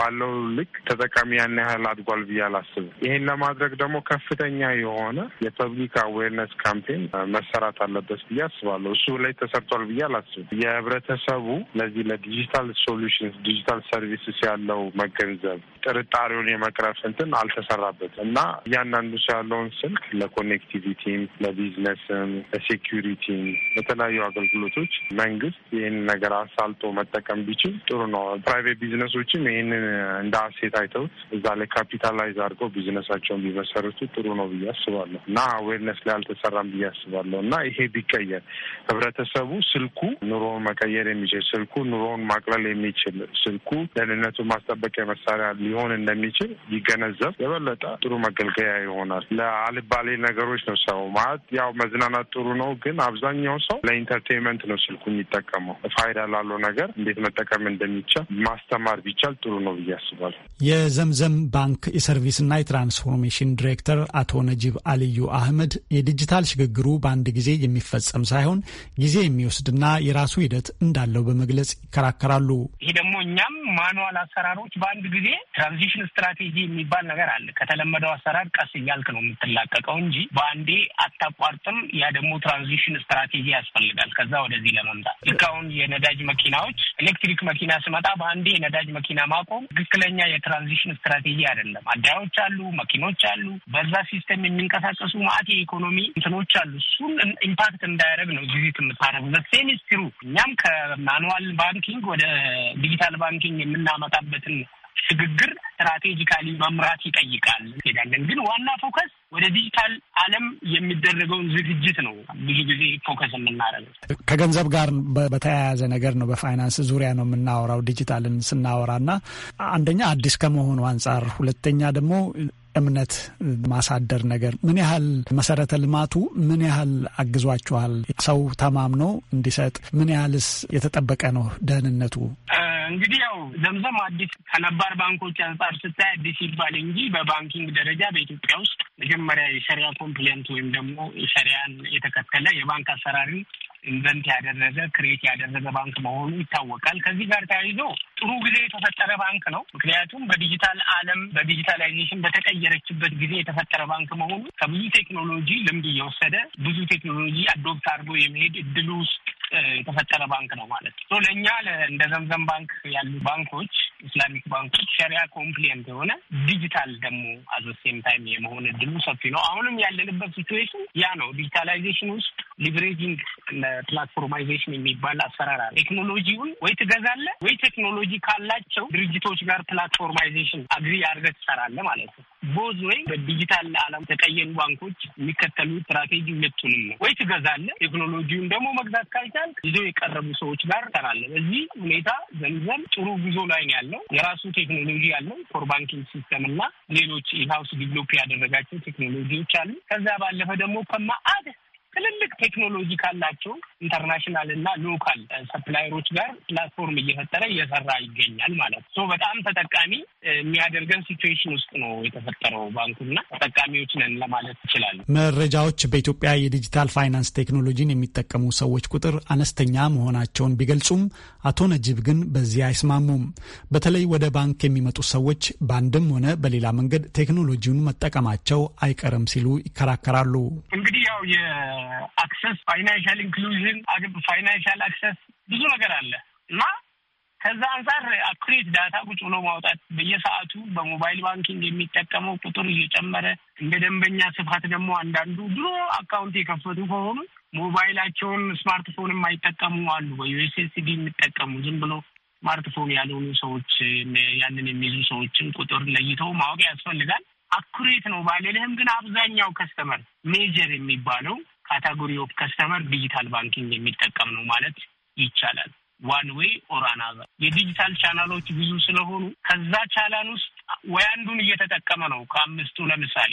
ባለው ልክ ተጠቃሚ ያን ያህል አድጓል ብዬ አላስብም። ይሄን ለማድረግ ደግሞ ከፍተኛ የሆነ የፐብሊክ አዌርነስ ካምፔን መሰራት አለበት ብዬ አስባለሁ። እሱ ላይ ተሰርቷል ብዬ አላስብም። አይመስልም። የህብረተሰቡ ለዚህ ለዲጂታል ሶሉሽንስ ዲጂታል ሰርቪስስ ያለው መገንዘብ ጥርጣሬውን የመቅረፍ ስንትን አልተሰራበት እና እያንዳንዱ ሰው ያለውን ስልክ ለኮኔክቲቪቲም፣ ለቢዝነስም፣ ለሴኪሪቲም ለተለያዩ አገልግሎቶች መንግስት ይህን ነገር አሳልጦ መጠቀም ቢችል ጥሩ ነው። ፕራይቬት ቢዝነሶችም ይህንን እንደ አሴት አይተውት እዛ ላይ ካፒታላይዝ አድርገው ቢዝነሳቸውን ቢመሰርቱ ጥሩ ነው ብዬ አስባለሁ እና አዌርነስ ላይ አልተሰራም ብዬ አስባለሁ እና ይሄ ቢቀየር ህብረተሰቡ ስልኩ ኑሮውን መቀየር የሚችል ስልኩ ኑሮውን ማቅለል የሚችል ስልኩ ደህንነቱን ማስጠበቂያ መሳሪያ ሊሆን እንደሚችል ይገነዘብ የበለጠ ጥሩ መገልገያ ይሆናል። ለአልባሌ ነገሮች ነው ሰው ማለት ያው መዝናናት ጥሩ ነው፣ ግን አብዛኛው ሰው ለኢንተርቴንመንት ነው ስልኩ የሚጠቀመው። ፋይዳ ላለው ነገር እንዴት መጠቀም እንደሚቻል ማስተማር ቢቻል ጥሩ ነው ብዬ አስባለሁ። የዘምዘም ባንክ የሰርቪስና የትራንስፎርሜሽን ዲሬክተር አቶ ነጂብ አልዩ አህመድ የዲጂታል ሽግግሩ በአንድ ጊዜ የሚፈጸም ሳይሆን ጊዜ የሚወስድና የ የራሱ ሂደት እንዳለው በመግለጽ ይከራከራሉ። ይሄ ደግሞ እኛም ማኑዋል አሰራሮች በአንድ ጊዜ ትራንዚሽን ስትራቴጂ የሚባል ነገር አለ። ከተለመደው አሰራር ቀስ እያልክ ነው የምትላቀቀው እንጂ በአንዴ አታቋርጥም። ያ ደግሞ ትራንዚሽን ስትራቴጂ ያስፈልጋል። ከዛ ወደዚህ ለመምጣት ልክ አሁን የነዳጅ መኪናዎች ኤሌክትሪክ መኪና ስመጣ በአንዴ የነዳጅ መኪና ማቆም ትክክለኛ የትራንዚሽን ስትራቴጂ አይደለም። አዳዮች አሉ፣ መኪኖች አሉ። በዛ ሲስተም የሚንቀሳቀሱ ማአት የኢኮኖሚ እንትኖች አሉ። እሱን ኢምፓክት እንዳያደርግ ነው ጊዜ የምታደርጉ ዘሴሚስ ሚኒስትሩ እኛም ከማኑዋል ባንኪንግ ወደ ዲጂታል ባንኪንግ የምናመጣበትን ሽግግር ስትራቴጂካሊ መምራት ይጠይቃል። ሄዳለን ግን ዋና ፎከስ ወደ ዲጂታል ዓለም የሚደረገውን ዝግጅት ነው ብዙ ጊዜ ፎከስ የምናደርገው። ከገንዘብ ጋር በተያያዘ ነገር ነው፣ በፋይናንስ ዙሪያ ነው የምናወራው ዲጂታልን ስናወራ እና አንደኛ አዲስ ከመሆኑ አንጻር፣ ሁለተኛ ደግሞ እምነት ማሳደር ነገር ምን ያህል መሰረተ ልማቱ ምን ያህል አግዟችኋል? ሰው ተማምኖ እንዲሰጥ ምን ያህልስ የተጠበቀ ነው ደህንነቱ? እንግዲህ ያው ዘምዘም አዲስ ከነባር ባንኮች አንጻር ስታይ አዲስ ይባል እንጂ በባንኪንግ ደረጃ በኢትዮጵያ ውስጥ መጀመሪያ የሸሪያ ኮምፕሌንት ወይም ደግሞ የሸሪያን የተከተለ የባንክ አሰራሪ ኢንቨንት ያደረገ ክሬት ያደረገ ባንክ መሆኑ ይታወቃል። ከዚህ ጋር ተያይዞ ጥሩ ጊዜ የተፈጠረ ባንክ ነው። ምክንያቱም በዲጂታል ዓለም በዲጂታላይዜሽን በተቀየረችበት ጊዜ የተፈጠረ ባንክ መሆኑ ከብዙ ቴክኖሎጂ ልምድ እየወሰደ ብዙ ቴክኖሎጂ አዶፕት አድርጎ የመሄድ እድል ውስጥ የተፈጠረ ባንክ ነው ማለት ነው። ለእኛ እንደ ዘምዘም ባንክ ያሉ ባንኮች ኢስላሚክ ባንኮች ሸሪያ ኮምፕሊየንት የሆነ ዲጂታል ደግሞ አዘሴም ታይም የመሆን እድሉ ሰፊ ነው። አሁንም ያለንበት ሲትዌሽን ያ ነው። ዲጂታላይዜሽን ውስጥ ሊቨሬጂንግ ፕላትፎርማይዜሽን የሚባል አሰራር አለ። ቴክኖሎጂውን ወይ ትገዛለህ ወይ ቴክኖሎጂ ካላቸው ድርጅቶች ጋር ፕላትፎርማይዜሽን አግሪ አድርገህ ትሰራለህ ማለት ነው። ቦዝ ወይ በዲጂታል ዓለም ተቀየኑ ባንኮች የሚከተሉ ስትራቴጂ ሁለቱንም ነው። ወይ ትገዛለህ ቴክኖሎጂውን ደግሞ መግዛት ካልቻ እያደረጋል ይዘው የቀረቡ ሰዎች ጋር ተራለ። በዚህ ሁኔታ ዘምዘም ጥሩ ጉዞ ላይ ነው ያለው። የራሱ ቴክኖሎጂ ያለው ኮር ባንኪንግ ሲስተም እና ሌሎች ኢንሃውስ ዲቨሎፕ ያደረጋቸው ቴክኖሎጂዎች አሉ። ከዛ ባለፈ ደግሞ ከማአት ትልልቅ ቴክኖሎጂ ካላቸው ኢንተርናሽናል እና ሎካል ሰፕላየሮች uh, ጋር ፕላትፎርም እየፈጠረ እየሰራ ይገኛል ማለት ነው። በጣም ተጠቃሚ uh, የሚያደርገን ሲትዌሽን ውስጥ ነው የተፈጠረው ባንኩና ተጠቃሚዎች ነን ለማለት ይችላሉ። መረጃዎች በኢትዮጵያ የዲጂታል ፋይናንስ ቴክኖሎጂን የሚጠቀሙ ሰዎች ቁጥር አነስተኛ መሆናቸውን ቢገልጹም አቶ ነጂብ ግን በዚህ አይስማሙም። በተለይ ወደ ባንክ የሚመጡ ሰዎች በአንድም ሆነ በሌላ መንገድ ቴክኖሎጂውን መጠቀማቸው አይቀርም ሲሉ ይከራከራሉ። እንግዲህ ያው አክሰስ፣ ፋይናንሻል ኢንክሉዥን፣ ፋይናንሻል አክሰስ ብዙ ነገር አለ እና ከዛ አንጻር አኩሬት ዳታ ቁጭ ብሎ ማውጣት በየሰዓቱ በሞባይል ባንኪንግ የሚጠቀመው ቁጥር እየጨመረ እንደ ደንበኛ ስፋት ደግሞ አንዳንዱ ድሮ አካውንት የከፈቱ ከሆኑ ሞባይላቸውን ስማርትፎን የማይጠቀሙ አሉ። በዩኤስኤስዲ የሚጠቀሙ ዝም ብሎ ስማርትፎን ያልሆኑ ሰዎች ያንን የሚይዙ ሰዎችን ቁጥር ለይተው ማወቅ ያስፈልጋል። አኩሬት ነው ባልልህም፣ ግን አብዛኛው ከስተመር ሜጀር የሚባለው ካታጎሪ ኦፍ ከስተመር ዲጂታል ባንኪንግ የሚጠቀም ነው ማለት ይቻላል። ዋን ዌይ ኦር አናዘር የዲጂታል ቻናሎች ብዙ ስለሆኑ ከዛ ቻናል ውስጥ ወይ አንዱን እየተጠቀመ ነው ከአምስቱ ለምሳሌ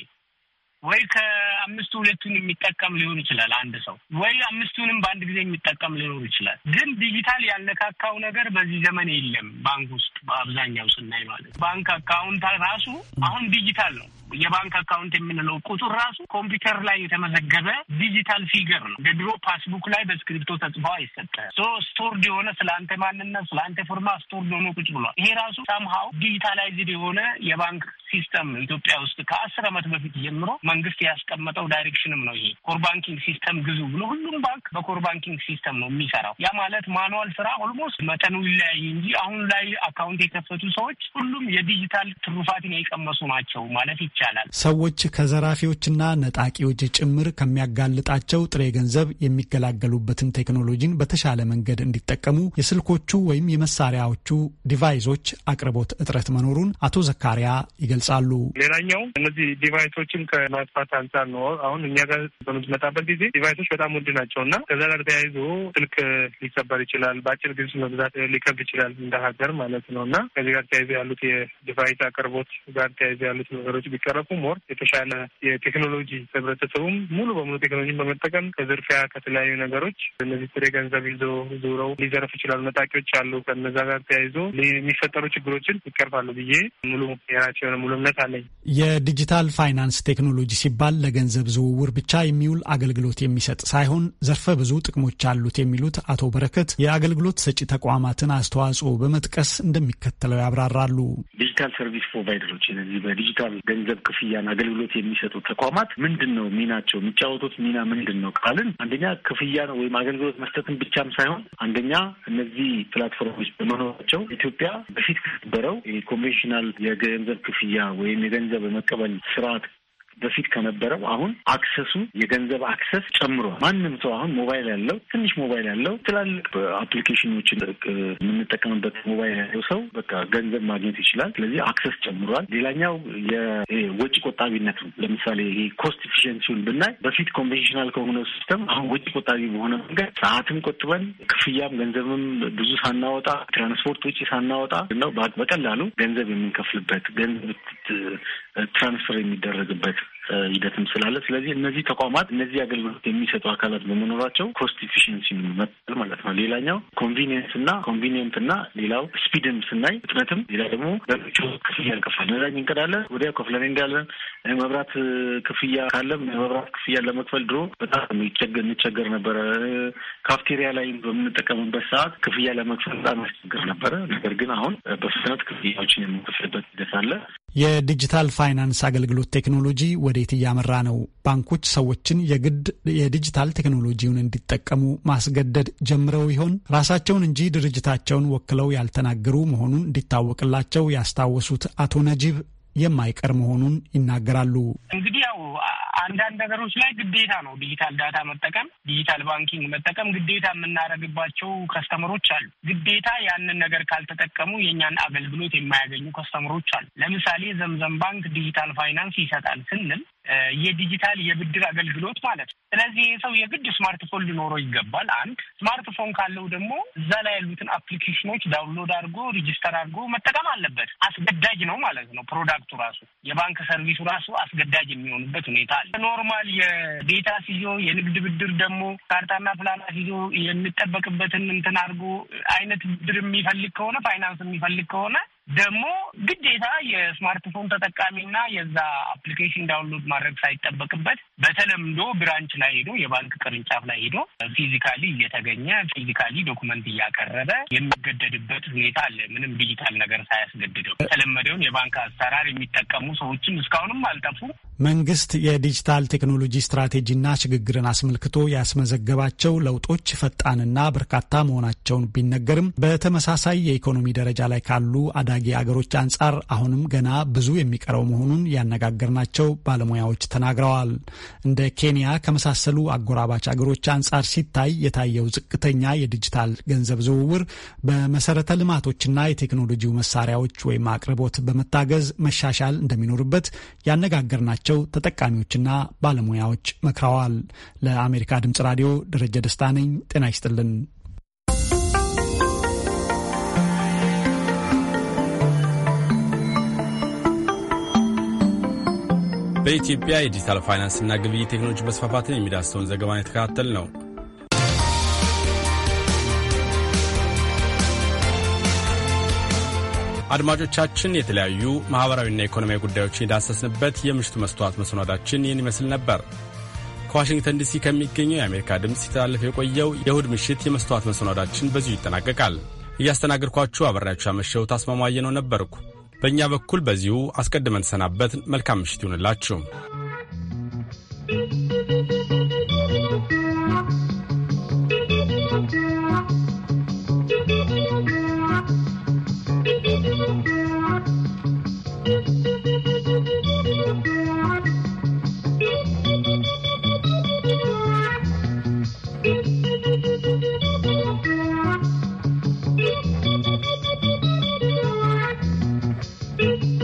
ወይ ከአምስቱ ሁለቱን የሚጠቀም ሊሆን ይችላል አንድ ሰው ወይ አምስቱንም በአንድ ጊዜ የሚጠቀም ሊኖር ይችላል። ግን ዲጂታል ያነካካው ነገር በዚህ ዘመን የለም። ባንክ ውስጥ በአብዛኛው ስናይ ማለት ባንክ አካውንት ራሱ አሁን ዲጂታል ነው። የባንክ አካውንት የምንለው ቁጥር ራሱ ኮምፒውተር ላይ የተመዘገበ ዲጂታል ፊገር ነው። በድሮ ፓስቡክ ላይ በስክሪፕቶ ተጽፎ አይሰጠ ሶ ስቶርድ የሆነ ስለ አንተ ማንነት፣ ስለ አንተ ፍርማ ስቶርድ ሆኖ ቁጭ ብሏል። ይሄ ራሱ ሳምሃው ዲጂታላይዝድ የሆነ የባንክ ሲስተም ኢትዮጵያ ውስጥ ከአስር ዓመት በፊት ጀምሮ መንግስት ያስቀመጠው ዳይሬክሽንም ነው። ይሄ ኮር ባንኪንግ ሲስተም ግዙ ብሎ ሁሉም ባንክ በኮር ባንኪንግ ሲስተም ነው የሚሰራው። ያ ማለት ማኑዋል ስራ ኦልሞስት መጠኑ ይለያይ እንጂ አሁን ላይ አካውንት የከፈቱ ሰዎች ሁሉም የዲጂታል ትሩፋትን የቀመሱ ናቸው ማለት ይቻላል። ይቻላል። ሰዎች ከዘራፊዎችና ነጣቂዎች ጭምር ከሚያጋልጣቸው ጥሬ ገንዘብ የሚገላገሉበትን ቴክኖሎጂን በተሻለ መንገድ እንዲጠቀሙ የስልኮቹ ወይም የመሳሪያዎቹ ዲቫይሶች አቅርቦት እጥረት መኖሩን አቶ ዘካሪያ ይገልጻሉ። ሌላኛው እነዚህ ዲቫይሶችን ከማስፋት አንጻር ነው። አሁን እኛ ጋር በምትመጣበት ጊዜ ዲቫይሶች በጣም ውድ ናቸው እና ከዛ ጋር ተያይዞ ስልክ ሊሰበር ይችላል። በአጭር ጊዜ መግዛት ሊከብድ ይችላል እንደ ሀገር ማለት ነው እና ከዚህ ጋር ተያይዞ ያሉት የዲቫይስ አቅርቦት ጋር ተያይዞ ያሉት ነገሮች ቢቀ ሲቀረፉ ሞር የተሻለ የቴክኖሎጂ ህብረተሰቡም ሙሉ በሙሉ ቴክኖሎጂን በመጠቀም ከዝርፊያ ከተለያዩ ነገሮች እነዚህ ጥሬ ገንዘብ ይዞ ዙረው ሊዘረፍ ይችላሉ። መጣቂዎች አሉ። ከነዛ ጋር ተያይዞ የሚፈጠሩ ችግሮችን ይቀርፋሉ ብዬ ሙሉ የራቸው የሆነ ሙሉ እምነት አለኝ። የዲጂታል ፋይናንስ ቴክኖሎጂ ሲባል ለገንዘብ ዝውውር ብቻ የሚውል አገልግሎት የሚሰጥ ሳይሆን ዘርፈ ብዙ ጥቅሞች አሉት የሚሉት አቶ በረከት የአገልግሎት ሰጪ ተቋማትን አስተዋጽኦ በመጥቀስ እንደሚከተለው ያብራራሉ። ዲጂታል ሰርቪስ ፕሮቫይደሮች እነዚህ በዲጂታል ገንዘብ የገንዘብ ክፍያን አገልግሎት የሚሰጡ ተቋማት ምንድን ነው ሚናቸው? የሚጫወቱት ሚና ምንድን ነው ካልን አንደኛ ክፍያ ነው ወይም አገልግሎት መስጠትን ብቻም ሳይሆን አንደኛ እነዚህ ፕላትፎርሞች በመኖራቸው ኢትዮጵያ በፊት ከነበረው የኮንቬንሽናል የገንዘብ ክፍያ ወይም የገንዘብ የመቀበል ስርዓት በፊት ከነበረው አሁን አክሰሱ የገንዘብ አክሰስ ጨምሯል። ማንም ሰው አሁን ሞባይል ያለው ትንሽ ሞባይል ያለው ትላልቅ አፕሊኬሽኖችን የምንጠቀምበት ሞባይል ያለው ሰው በቃ ገንዘብ ማግኘት ይችላል። ስለዚህ አክሰስ ጨምሯል። ሌላኛው የውጭ ቆጣቢነት ነው። ለምሳሌ ይሄ ኮስት ኢፊሽንሲውን ብናይ በፊት ኮንቬንሽናል ከሆነ ሲስተም አሁን ወጭ ቆጣቢ በሆነ መንገድ ሰዓትም ቆጥበን ክፍያም ገንዘብም ብዙ ሳናወጣ ትራንስፖርት ውጪ ሳናወጣ ነው በቀላሉ ገንዘብ የምንከፍልበት ገንዘብ ትራንስፈር የሚደረግበት ሂደትም ስላለ ስለዚህ እነዚህ ተቋማት እነዚህ አገልግሎት የሚሰጡ አካላት በመኖራቸው ኮስት ኢፊሽንሲ መጠል ማለት ነው። ሌላኛው ኮንቪኒየንስ እና ኮንቪኒየንት እና ሌላው ስፒድም ስናይ ፍጥነትም፣ ሌላ ደግሞ በምቹ ክፍያ እንከፍላለን። ነዳጅ እንቀዳለን፣ ወዲያ ከፍለን እንዳለን። መብራት ክፍያ ካለም መብራት ክፍያ ለመክፈል ድሮ በጣም እንቸገር ነበረ። ካፍቴሪያ ላይ በምንጠቀምበት ሰዓት ክፍያ ለመክፈል በጣም ያስቸግር ነበረ። ነገር ግን አሁን በፍጥነት ክፍያዎችን የምንከፍልበት ሂደት አለ። የዲጂታል ፋይናንስ አገልግሎት ቴክኖሎጂ ወደ ወዴት እያመራ ነው? ባንኮች ሰዎችን የግድ የዲጂታል ቴክኖሎጂውን እንዲጠቀሙ ማስገደድ ጀምረው ይሆን? ራሳቸውን እንጂ ድርጅታቸውን ወክለው ያልተናገሩ መሆኑን እንዲታወቅላቸው ያስታወሱት አቶ ነጂብ የማይቀር መሆኑን ይናገራሉ። እንግዲህ ያው አንዳንድ ነገሮች ላይ ግዴታ ነው ዲጂታል ዳታ መጠቀም፣ ዲጂታል ባንኪንግ መጠቀም ግዴታ የምናደርግባቸው ከስተመሮች አሉ። ግዴታ ያንን ነገር ካልተጠቀሙ የእኛን አገልግሎት የማያገኙ ከስተመሮች አሉ። ለምሳሌ ዘምዘም ባንክ ዲጂታል ፋይናንስ ይሰጣል ስንል የዲጂታል የብድር አገልግሎት ማለት ነው። ስለዚህ ይህ ሰው የግድ ስማርትፎን ሊኖረው ይገባል። አንድ ስማርትፎን ካለው ደግሞ እዛ ላይ ያሉትን አፕሊኬሽኖች ዳውንሎድ አድርጎ ሪጅስተር አድርጎ መጠቀም አለበት። አስገዳጅ ነው ማለት ነው። ፕሮዳክቱ ራሱ የባንክ ሰርቪሱ ራሱ አስገዳጅ የሚሆንበት ሁኔታ አለ። ኖርማል የቤታ ሲዞ የንግድ ብድር ደግሞ ካርታና ፕላና ሲዞ የሚጠበቅበትን እንትን አድርጎ አይነት ብድር የሚፈልግ ከሆነ ፋይናንስ የሚፈልግ ከሆነ ደግሞ ግዴታ የስማርትፎን ተጠቃሚና የዛ አፕሊኬሽን ዳውንሎድ ማድረግ ሳይጠበቅበት በተለምዶ ብራንች ላይ ሄዶ የባንክ ቅርንጫፍ ላይ ሄዶ ፊዚካሊ እየተገኘ ፊዚካሊ ዶኩመንት እያቀረበ የሚገደድበት ሁኔታ አለ። ምንም ዲጂታል ነገር ሳያስገድደው የተለመደውን የባንክ አሰራር የሚጠቀሙ ሰዎችም እስካሁንም አልጠፉ። መንግስት የዲጂታል ቴክኖሎጂ ስትራቴጂና ሽግግርን አስመልክቶ ያስመዘገባቸው ለውጦች ፈጣንና በርካታ መሆናቸውን ቢነገርም በተመሳሳይ የኢኮኖሚ ደረጃ ላይ ካሉ አዳጊ አገሮች አንጻር አሁንም ገና ብዙ የሚቀረው መሆኑን ያነጋገርናቸው ባለሙያዎች ተናግረዋል። እንደ ኬንያ ከመሳሰሉ አጎራባች አገሮች አንጻር ሲታይ የታየው ዝቅተኛ የዲጂታል ገንዘብ ዝውውር በመሰረተ ልማቶችና የቴክኖሎጂው መሳሪያዎች ወይም አቅርቦት በመታገዝ መሻሻል እንደሚኖርበት ያነጋገርናቸው ያላቸው ተጠቃሚዎችና ባለሙያዎች መክረዋል። ለአሜሪካ ድምጽ ራዲዮ ደረጀ ደስታ ነኝ። ጤና ይስጥልን። በኢትዮጵያ የዲጂታል ፋይናንስና ግብይት ቴክኖሎጂ መስፋፋትን የሚዳስሰውን ዘገባን የተከታተል ነው። አድማጮቻችን የተለያዩ ማኅበራዊና ኢኮኖሚያዊ ጉዳዮችን የዳሰስንበት የምሽቱ መስተዋት መሰናዳችን ይህን ይመስል ነበር። ከዋሽንግተን ዲሲ ከሚገኘው የአሜሪካ ድምፅ ሲተላለፍ የቆየው የእሁድ ምሽት የመስተዋት መሰናዳችን በዚሁ ይጠናቀቃል። እያስተናገድኳችሁ አበራችሁ ያመሸሁት ታስማማየ ነው ነበርኩ። በእኛ በኩል በዚሁ አስቀድመን ተሰናበት። መልካም ምሽት ይሁንላችሁ።